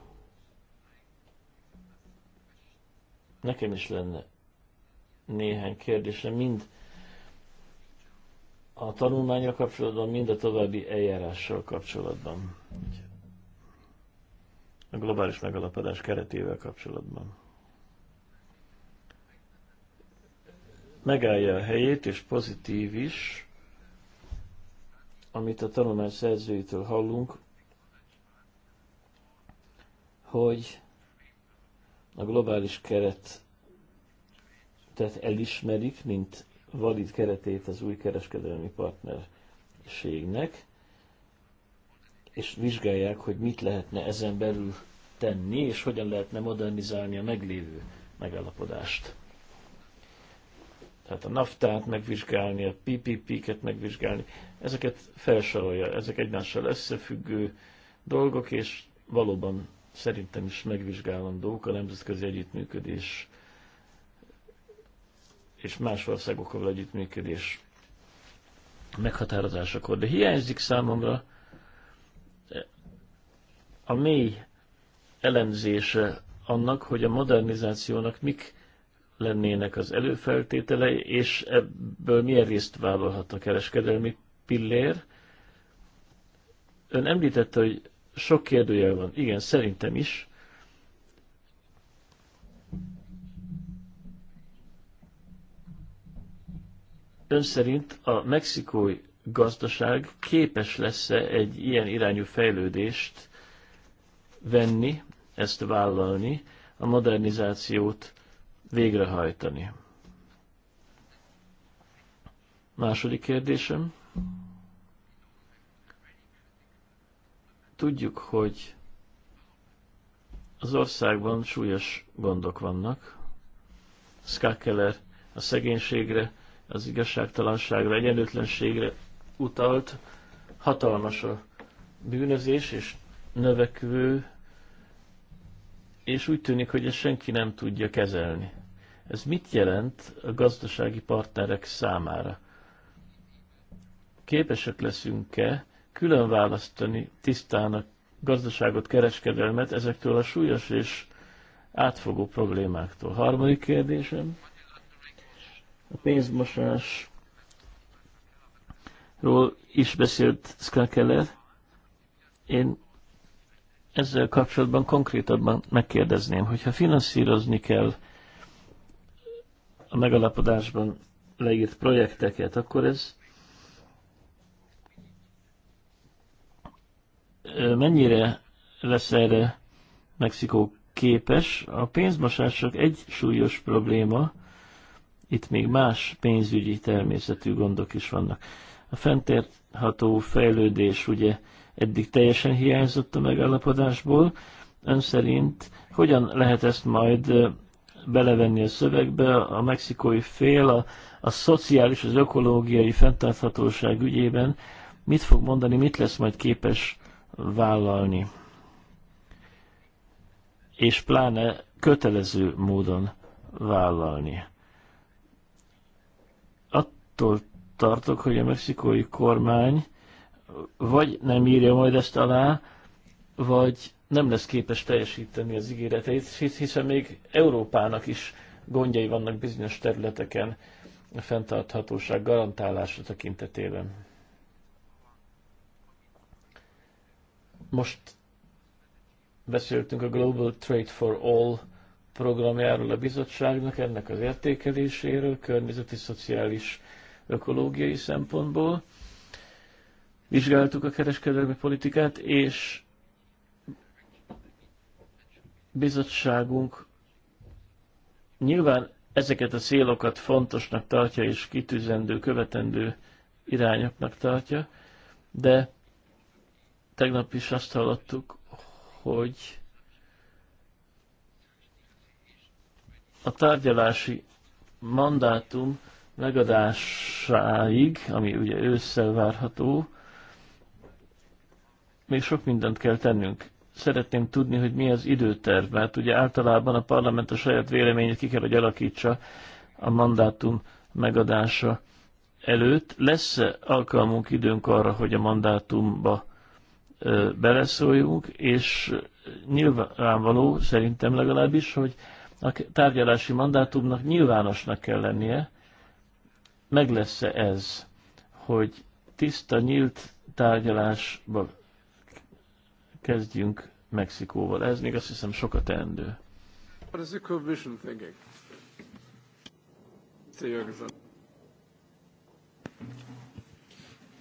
Nekem is lenne néhány kérdése, mind a tanulmányra kapcsolatban, mind a további eljárással kapcsolatban. A globális megalapodás keretével kapcsolatban. Megállja a helyét, és pozitív is, amit a tanulmány szerzőitől hallunk, hogy a globális keret tehát elismerik, mint valid keretét az új kereskedelmi partnerségnek, és vizsgálják, hogy mit lehetne ezen belül tenni, és hogyan lehetne modernizálni a meglévő megállapodást. Tehát a naftát megvizsgálni, a PPP-ket megvizsgálni, Ezeket felsorolja, ezek egymással összefüggő dolgok, és valóban szerintem is megvizsgálandók a nemzetközi együttműködés és más országokkal együttműködés meghatározásakor. De hiányzik számomra a mély elemzése annak, hogy a modernizációnak mik lennének az előfeltételei, és ebből milyen részt vállalhat a kereskedelmi pillér. Ön említette, hogy sok kérdőjel van. Igen, szerintem is. Ön szerint a mexikói gazdaság képes lesz-e egy ilyen irányú fejlődést venni, ezt vállalni, a modernizációt végrehajtani? Második kérdésem. Tudjuk, hogy az országban súlyos gondok vannak. Skakeler a szegénységre, az igazságtalanságra, egyenlőtlenségre utalt. Hatalmas a bűnözés, és növekvő, és úgy tűnik, hogy ezt senki nem tudja kezelni. Ez mit jelent a gazdasági partnerek számára? képesek leszünk-e külön választani tisztán a gazdaságot, kereskedelmet ezektől a súlyos és átfogó problémáktól. Harmadik kérdésem. A pénzmosásról is beszélt Skakeller. Én ezzel kapcsolatban konkrétabban megkérdezném, hogyha finanszírozni kell a megalapodásban leírt projekteket, akkor ez mennyire lesz erre Mexikó képes. A pénzmosás csak egy súlyos probléma, itt még más pénzügyi természetű gondok is vannak. A fenntartható fejlődés ugye eddig teljesen hiányzott a megállapodásból. Ön szerint hogyan lehet ezt majd belevenni a szövegbe? A mexikói fél a, a szociális, az ökológiai fenntarthatóság ügyében mit fog mondani, mit lesz majd képes vállalni. És pláne kötelező módon vállalni. Attól tartok, hogy a mexikói kormány vagy nem írja majd ezt alá, vagy nem lesz képes teljesíteni az ígéreteit, hiszen még Európának is gondjai vannak bizonyos területeken a fenntarthatóság garantálása tekintetében. Most beszéltünk a Global Trade for All programjáról a bizottságnak, ennek az értékeléséről, környezeti, szociális, ökológiai szempontból. Vizsgáltuk a kereskedelmi politikát, és bizottságunk nyilván ezeket a célokat fontosnak tartja és kitűzendő, követendő irányoknak tartja, de Tegnap is azt hallottuk, hogy a tárgyalási mandátum megadásáig, ami ugye ősszel várható, még sok mindent kell tennünk. Szeretném tudni, hogy mi az időterv, mert ugye általában a parlament a saját véleményét ki kell, hogy alakítsa a mandátum megadása előtt. Lesz-e alkalmunk időnk arra, hogy a mandátumba beleszóljunk, és nyilvánvaló szerintem legalábbis, hogy a tárgyalási mandátumnak nyilvánosnak kell lennie, meg lesz -e ez, hogy tiszta, nyílt tárgyalásba kezdjünk Mexikóval. Ez még azt hiszem sokat teendő. What is the commission thinking?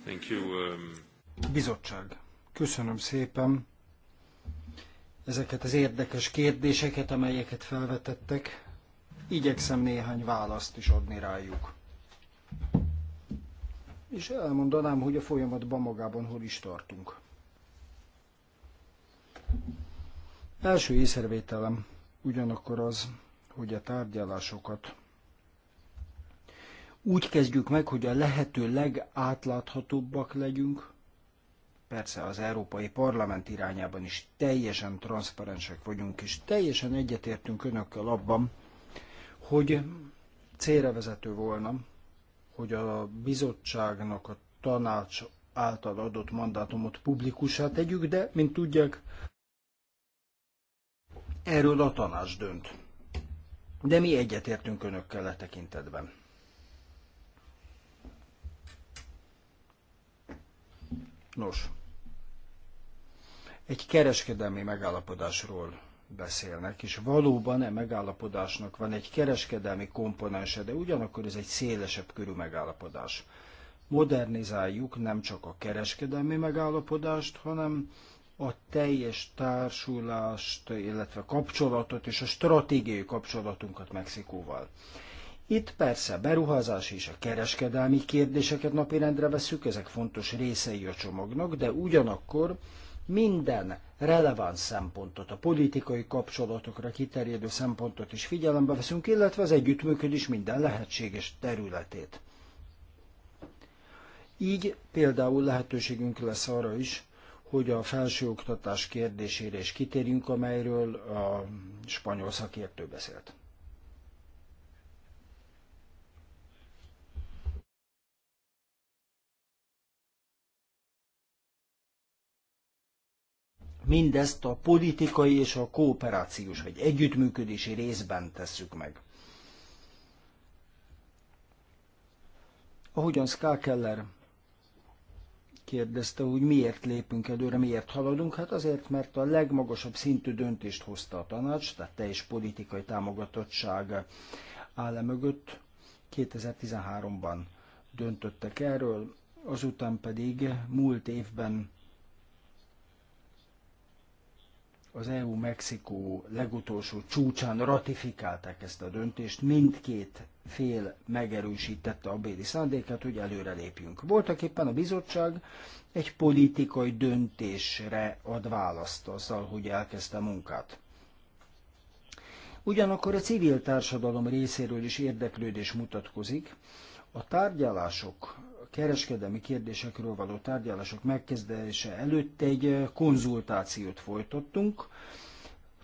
Thank you. Um... Bizottság. Köszönöm szépen ezeket az érdekes kérdéseket, amelyeket felvetettek. Igyekszem néhány választ is adni rájuk. És elmondanám, hogy a folyamatban magában hol is tartunk. Első észrevételem ugyanakkor az, hogy a tárgyalásokat úgy kezdjük meg, hogy a lehető legátláthatóbbak legyünk, persze az Európai Parlament irányában is teljesen transzparensek vagyunk, és teljesen egyetértünk önökkel abban, hogy célra vezető volna, hogy a bizottságnak a tanács által adott mandátumot publikussá tegyük, de, mint tudják, erről a tanács dönt. De mi egyetértünk önökkel a e tekintetben. Nos, egy kereskedelmi megállapodásról beszélnek, és valóban e megállapodásnak van egy kereskedelmi komponense, de ugyanakkor ez egy szélesebb körű megállapodás. Modernizáljuk nem csak a kereskedelmi megállapodást, hanem a teljes társulást, illetve kapcsolatot és a stratégiai kapcsolatunkat Mexikóval. Itt persze beruházás és a kereskedelmi kérdéseket napirendre veszük, ezek fontos részei a csomagnak, de ugyanakkor minden releváns szempontot, a politikai kapcsolatokra kiterjedő szempontot is figyelembe veszünk, illetve az együttműködés minden lehetséges területét. Így például lehetőségünk lesz arra is, hogy a felsőoktatás kérdésére is kitérjünk, amelyről a spanyol szakértő beszélt. Mindezt a politikai és a kooperációs vagy együttműködési részben tesszük meg. Ahogyan Ská Keller kérdezte, hogy miért lépünk előre, miért haladunk, hát azért, mert a legmagasabb szintű döntést hozta a tanács, tehát teljes politikai támogatottság áll e mögött. 2013-ban döntöttek erről, azután pedig múlt évben az EU-Mexikó legutolsó csúcsán ratifikálták ezt a döntést, mindkét fél megerősítette a béli szándékát, hogy előre lépjünk. Voltak éppen a bizottság egy politikai döntésre ad választ azzal, hogy elkezdte a munkát. Ugyanakkor a civil társadalom részéről is érdeklődés mutatkozik. A tárgyalások kereskedelmi kérdésekről való tárgyalások megkezdése előtt egy konzultációt folytattunk.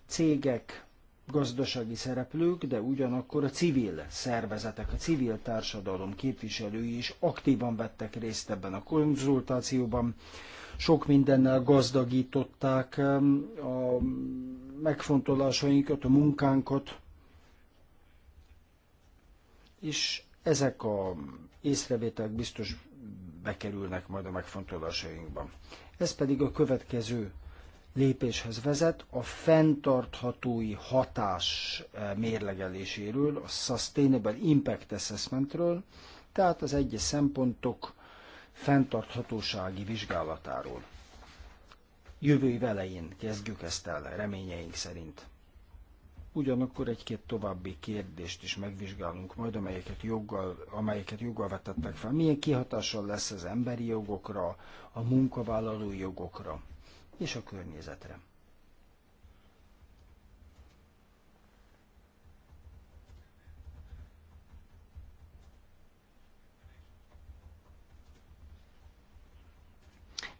Cégek, gazdasági szereplők, de ugyanakkor a civil szervezetek, a civil társadalom képviselői is aktívan vettek részt ebben a konzultációban. Sok mindennel gazdagították a megfontolásainkat, a munkánkat, és ezek a észrevételek biztos bekerülnek majd a megfontolásainkban. Ez pedig a következő lépéshez vezet, a fenntarthatói hatás eh, mérlegeléséről, a Sustainable Impact Assessmentről, tehát az egyes szempontok fenntarthatósági vizsgálatáról. Jövő év elején kezdjük ezt el, reményeink szerint. Ugyanakkor egy-két további kérdést is megvizsgálunk majd, amelyeket joggal, amelyeket joggal vetettek fel. Milyen kihatással lesz az emberi jogokra, a munkavállalói jogokra és a környezetre.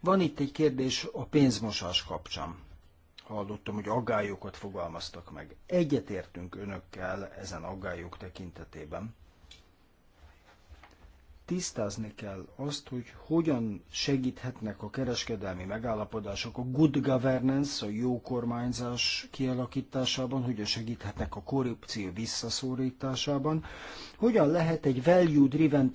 Van itt egy kérdés a pénzmosás kapcsán hallottam, hogy aggályokat fogalmaztak meg. Egyetértünk önökkel ezen aggályok tekintetében tisztázni kell azt, hogy hogyan segíthetnek a kereskedelmi megállapodások a good governance, a jó kormányzás kialakításában, hogyan segíthetnek a korrupció visszaszorításában, hogyan lehet egy value-driven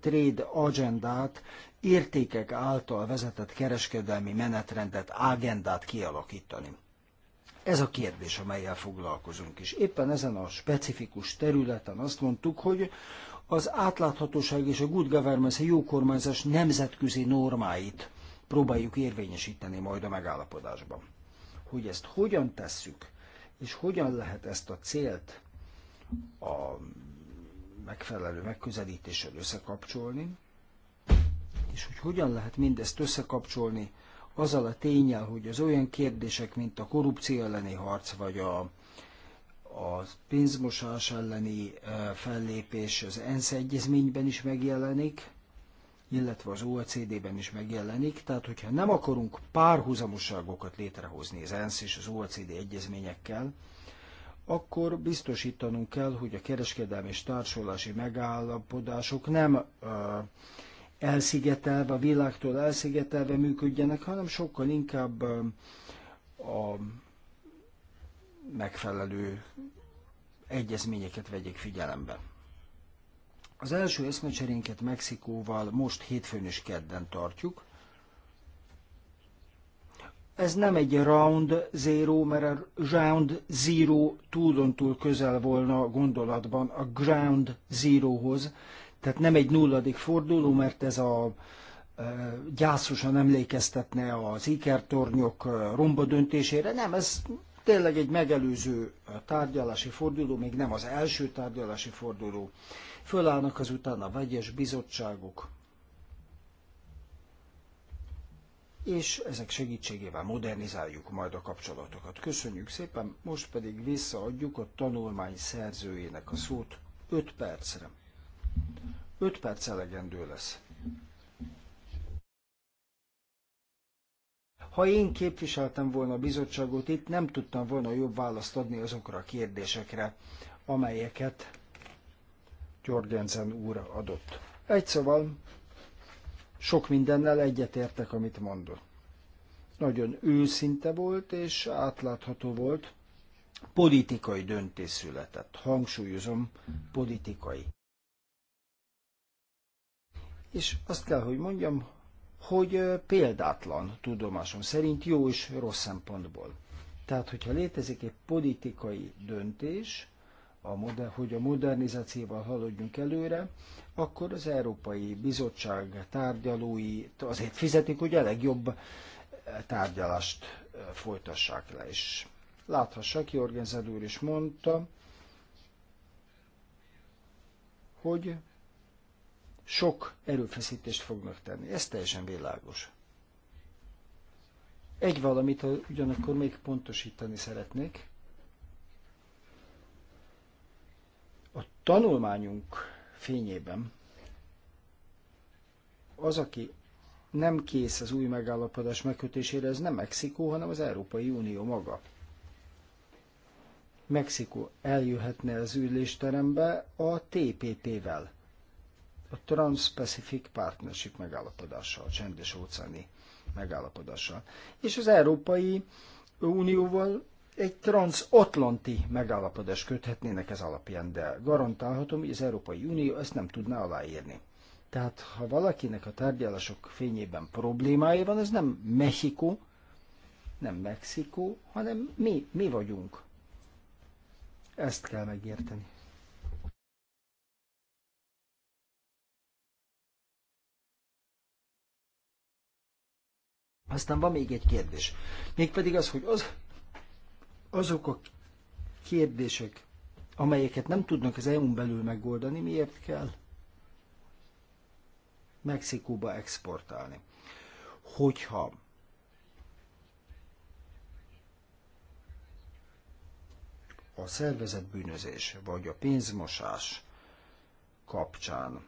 trade agendát, értékek által vezetett kereskedelmi menetrendet, agendát kialakítani. Ez a kérdés, amelyel foglalkozunk is. Éppen ezen a specifikus területen azt mondtuk, hogy az átláthatóság és a good governance, a jó kormányzás nemzetközi normáit próbáljuk érvényesíteni majd a megállapodásban. Hogy ezt hogyan tesszük, és hogyan lehet ezt a célt a megfelelő megközelítéssel összekapcsolni, és hogy hogyan lehet mindezt összekapcsolni azzal a tényel, hogy az olyan kérdések, mint a korrupció elleni harc, vagy a az pénzmosás elleni fellépés az ENSZ egyezményben is megjelenik, illetve az OECD-ben is megjelenik. Tehát, hogyha nem akarunk párhuzamoságokat létrehozni az ENSZ és az OECD egyezményekkel, akkor biztosítanunk kell, hogy a kereskedelmi és társulási megállapodások nem elszigetelve, a világtól elszigetelve működjenek, hanem sokkal inkább a megfelelő egyezményeket vegyék figyelembe. Az első eszmecserénket Mexikóval most hétfőn és kedden tartjuk. Ez nem egy round zero, mert a round zero túlon túl közel volna a gondolatban a ground zerohoz, tehát nem egy nulladik forduló, mert ez a e, gyászosan emlékeztetne az ikertornyok e, romba döntésére. Nem, ez tényleg egy megelőző tárgyalási forduló, még nem az első tárgyalási forduló. Fölállnak azután a vegyes bizottságok, és ezek segítségével modernizáljuk majd a kapcsolatokat. Köszönjük szépen, most pedig visszaadjuk a tanulmány szerzőjének a szót 5 percre. 5 perc elegendő lesz. Ha én képviseltem volna a bizottságot itt, nem tudtam volna jobb választ adni azokra a kérdésekre, amelyeket Györgyenzen úr adott. Egy szóval sok mindennel egyetértek, amit mondott. Nagyon őszinte volt és átlátható volt. Politikai döntés született. Hangsúlyozom, politikai. És azt kell, hogy mondjam, hogy példátlan tudomásom szerint jó és rossz szempontból. Tehát, hogyha létezik egy politikai döntés, a moder, hogy a modernizációval haladjunk előre, akkor az Európai Bizottság tárgyalói azért fizetik, hogy a legjobb tárgyalást folytassák le is. Láthassak, Jorgen Zed is mondta, hogy sok erőfeszítést fognak tenni. Ez teljesen világos. Egy valamit ugyanakkor még pontosítani szeretnék. A tanulmányunk fényében az, aki nem kész az új megállapodás megkötésére, ez nem Mexikó, hanem az Európai Unió maga. Mexikó eljöhetne az ülésterembe a TPP-vel a Trans-Pacific Partnership megállapodással, a csendes óceáni megállapodással. És az Európai Unióval egy transatlanti megállapodást köthetnének ez alapján, de garantálhatom, hogy az Európai Unió ezt nem tudná aláírni. Tehát, ha valakinek a tárgyalások fényében problémája van, ez nem Mexikó, nem Mexikó, hanem mi, mi vagyunk. Ezt kell megérteni. Aztán van még egy kérdés. Mégpedig az, hogy az, azok a kérdések, amelyeket nem tudnak az EU-n belül megoldani, miért kell Mexikóba exportálni. Hogyha a szervezetbűnözés bűnözés vagy a pénzmosás kapcsán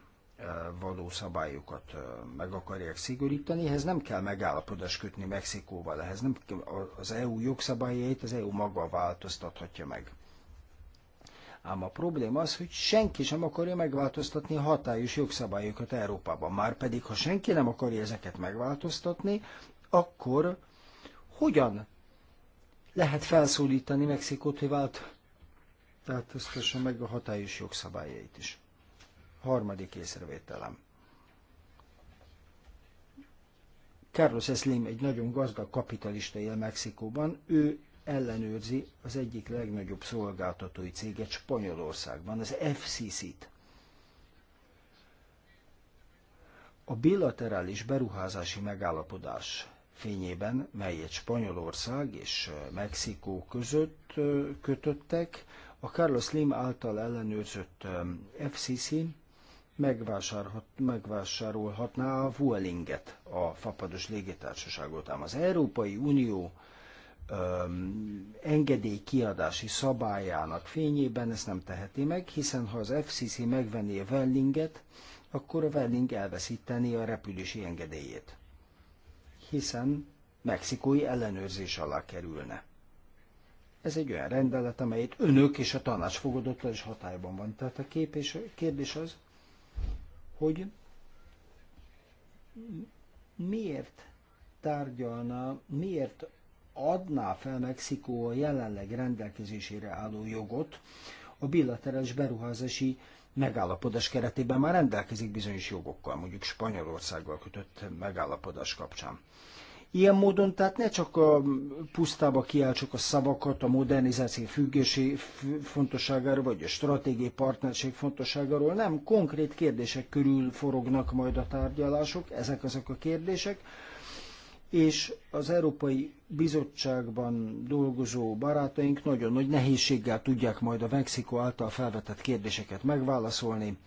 való szabályokat meg akarják szigorítani, ehhez nem kell megállapodást kötni Mexikóval, ehhez nem az EU jogszabályait az EU maga változtathatja meg. Ám a probléma az, hogy senki sem akarja megváltoztatni a hatályos jogszabályokat Európában. Márpedig, ha senki nem akarja ezeket megváltoztatni, akkor hogyan lehet felszólítani Mexikót, hogy változtasson változtassa meg a hatályos jogszabályait is? Harmadik észrevételem. Carlos Slim egy nagyon gazdag kapitalista él Mexikóban, ő ellenőrzi az egyik legnagyobb szolgáltatói céget Spanyolországban, az FCC-t. A bilaterális beruházási megállapodás fényében, melyet Spanyolország és Mexikó között kötöttek, a Carlos Slim által ellenőrzött FCC megvásárolhatná a Vuelinget, a fapados légitársaságot. Ám az Európai Unió öm, engedélykiadási szabályának fényében ezt nem teheti meg, hiszen ha az FCC megvenné a vellinget, akkor a velling elveszíteni a repülési engedélyét, hiszen mexikói ellenőrzés alá kerülne. Ez egy olyan rendelet, amelyet önök és a tanács fogadott el, és hatályban van. Tehát a kép és a kérdés az, hogy miért tárgyalna, miért adná fel Mexikó a jelenleg rendelkezésére álló jogot, a bilaterális beruházási megállapodás keretében már rendelkezik bizonyos jogokkal, mondjuk Spanyolországgal kötött megállapodás kapcsán. Ilyen módon tehát ne csak a pusztába kiáltsuk a szavakat a modernizáció függési fontosságáról, vagy a stratégiai partnerség fontosságáról, nem, konkrét kérdések körül forognak majd a tárgyalások, ezek azok a kérdések, és az Európai Bizottságban dolgozó barátaink nagyon nagy nehézséggel tudják majd a Mexikó által felvetett kérdéseket megválaszolni,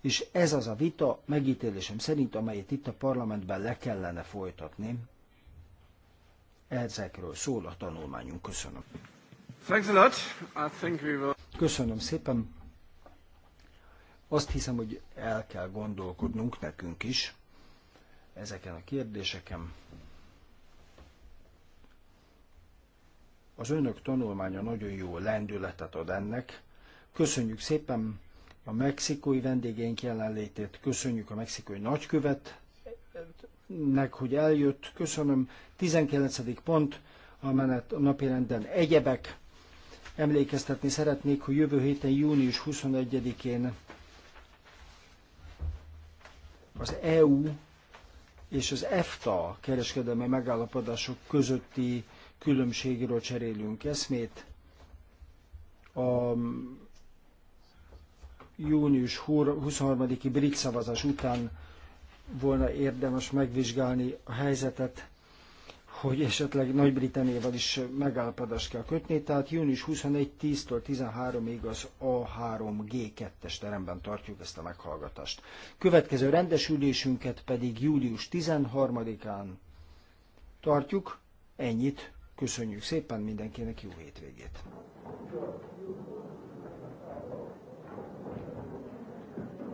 és ez az a vita megítélésem szerint, amelyet itt a parlamentben le kellene folytatni Ezekről szól a tanulmányunk. Köszönöm. Thanks a lot. I think we will... Köszönöm szépen. Azt hiszem, hogy el kell gondolkodnunk nekünk is ezeken a kérdéseken. Az önök tanulmánya nagyon jó lendületet ad ennek. Köszönjük szépen a mexikói vendégeink jelenlétét, köszönjük a mexikói nagykövet nek, hogy eljött. Köszönöm. 19. pont a, menet, a renden egyebek. Emlékeztetni szeretnék, hogy jövő héten, június 21-én az EU és az EFTA kereskedelmi megállapodások közötti különbségről cserélünk eszmét. A június 23-i brit szavazás után volna érdemes megvizsgálni a helyzetet, hogy esetleg Nagy-Britanniával is megállapodást kell kötni, tehát június 21-10-től 13-ig az A3G2-es teremben tartjuk ezt a meghallgatást. Következő rendes ülésünket pedig július 13-án tartjuk. Ennyit. Köszönjük szépen mindenkinek jó hétvégét!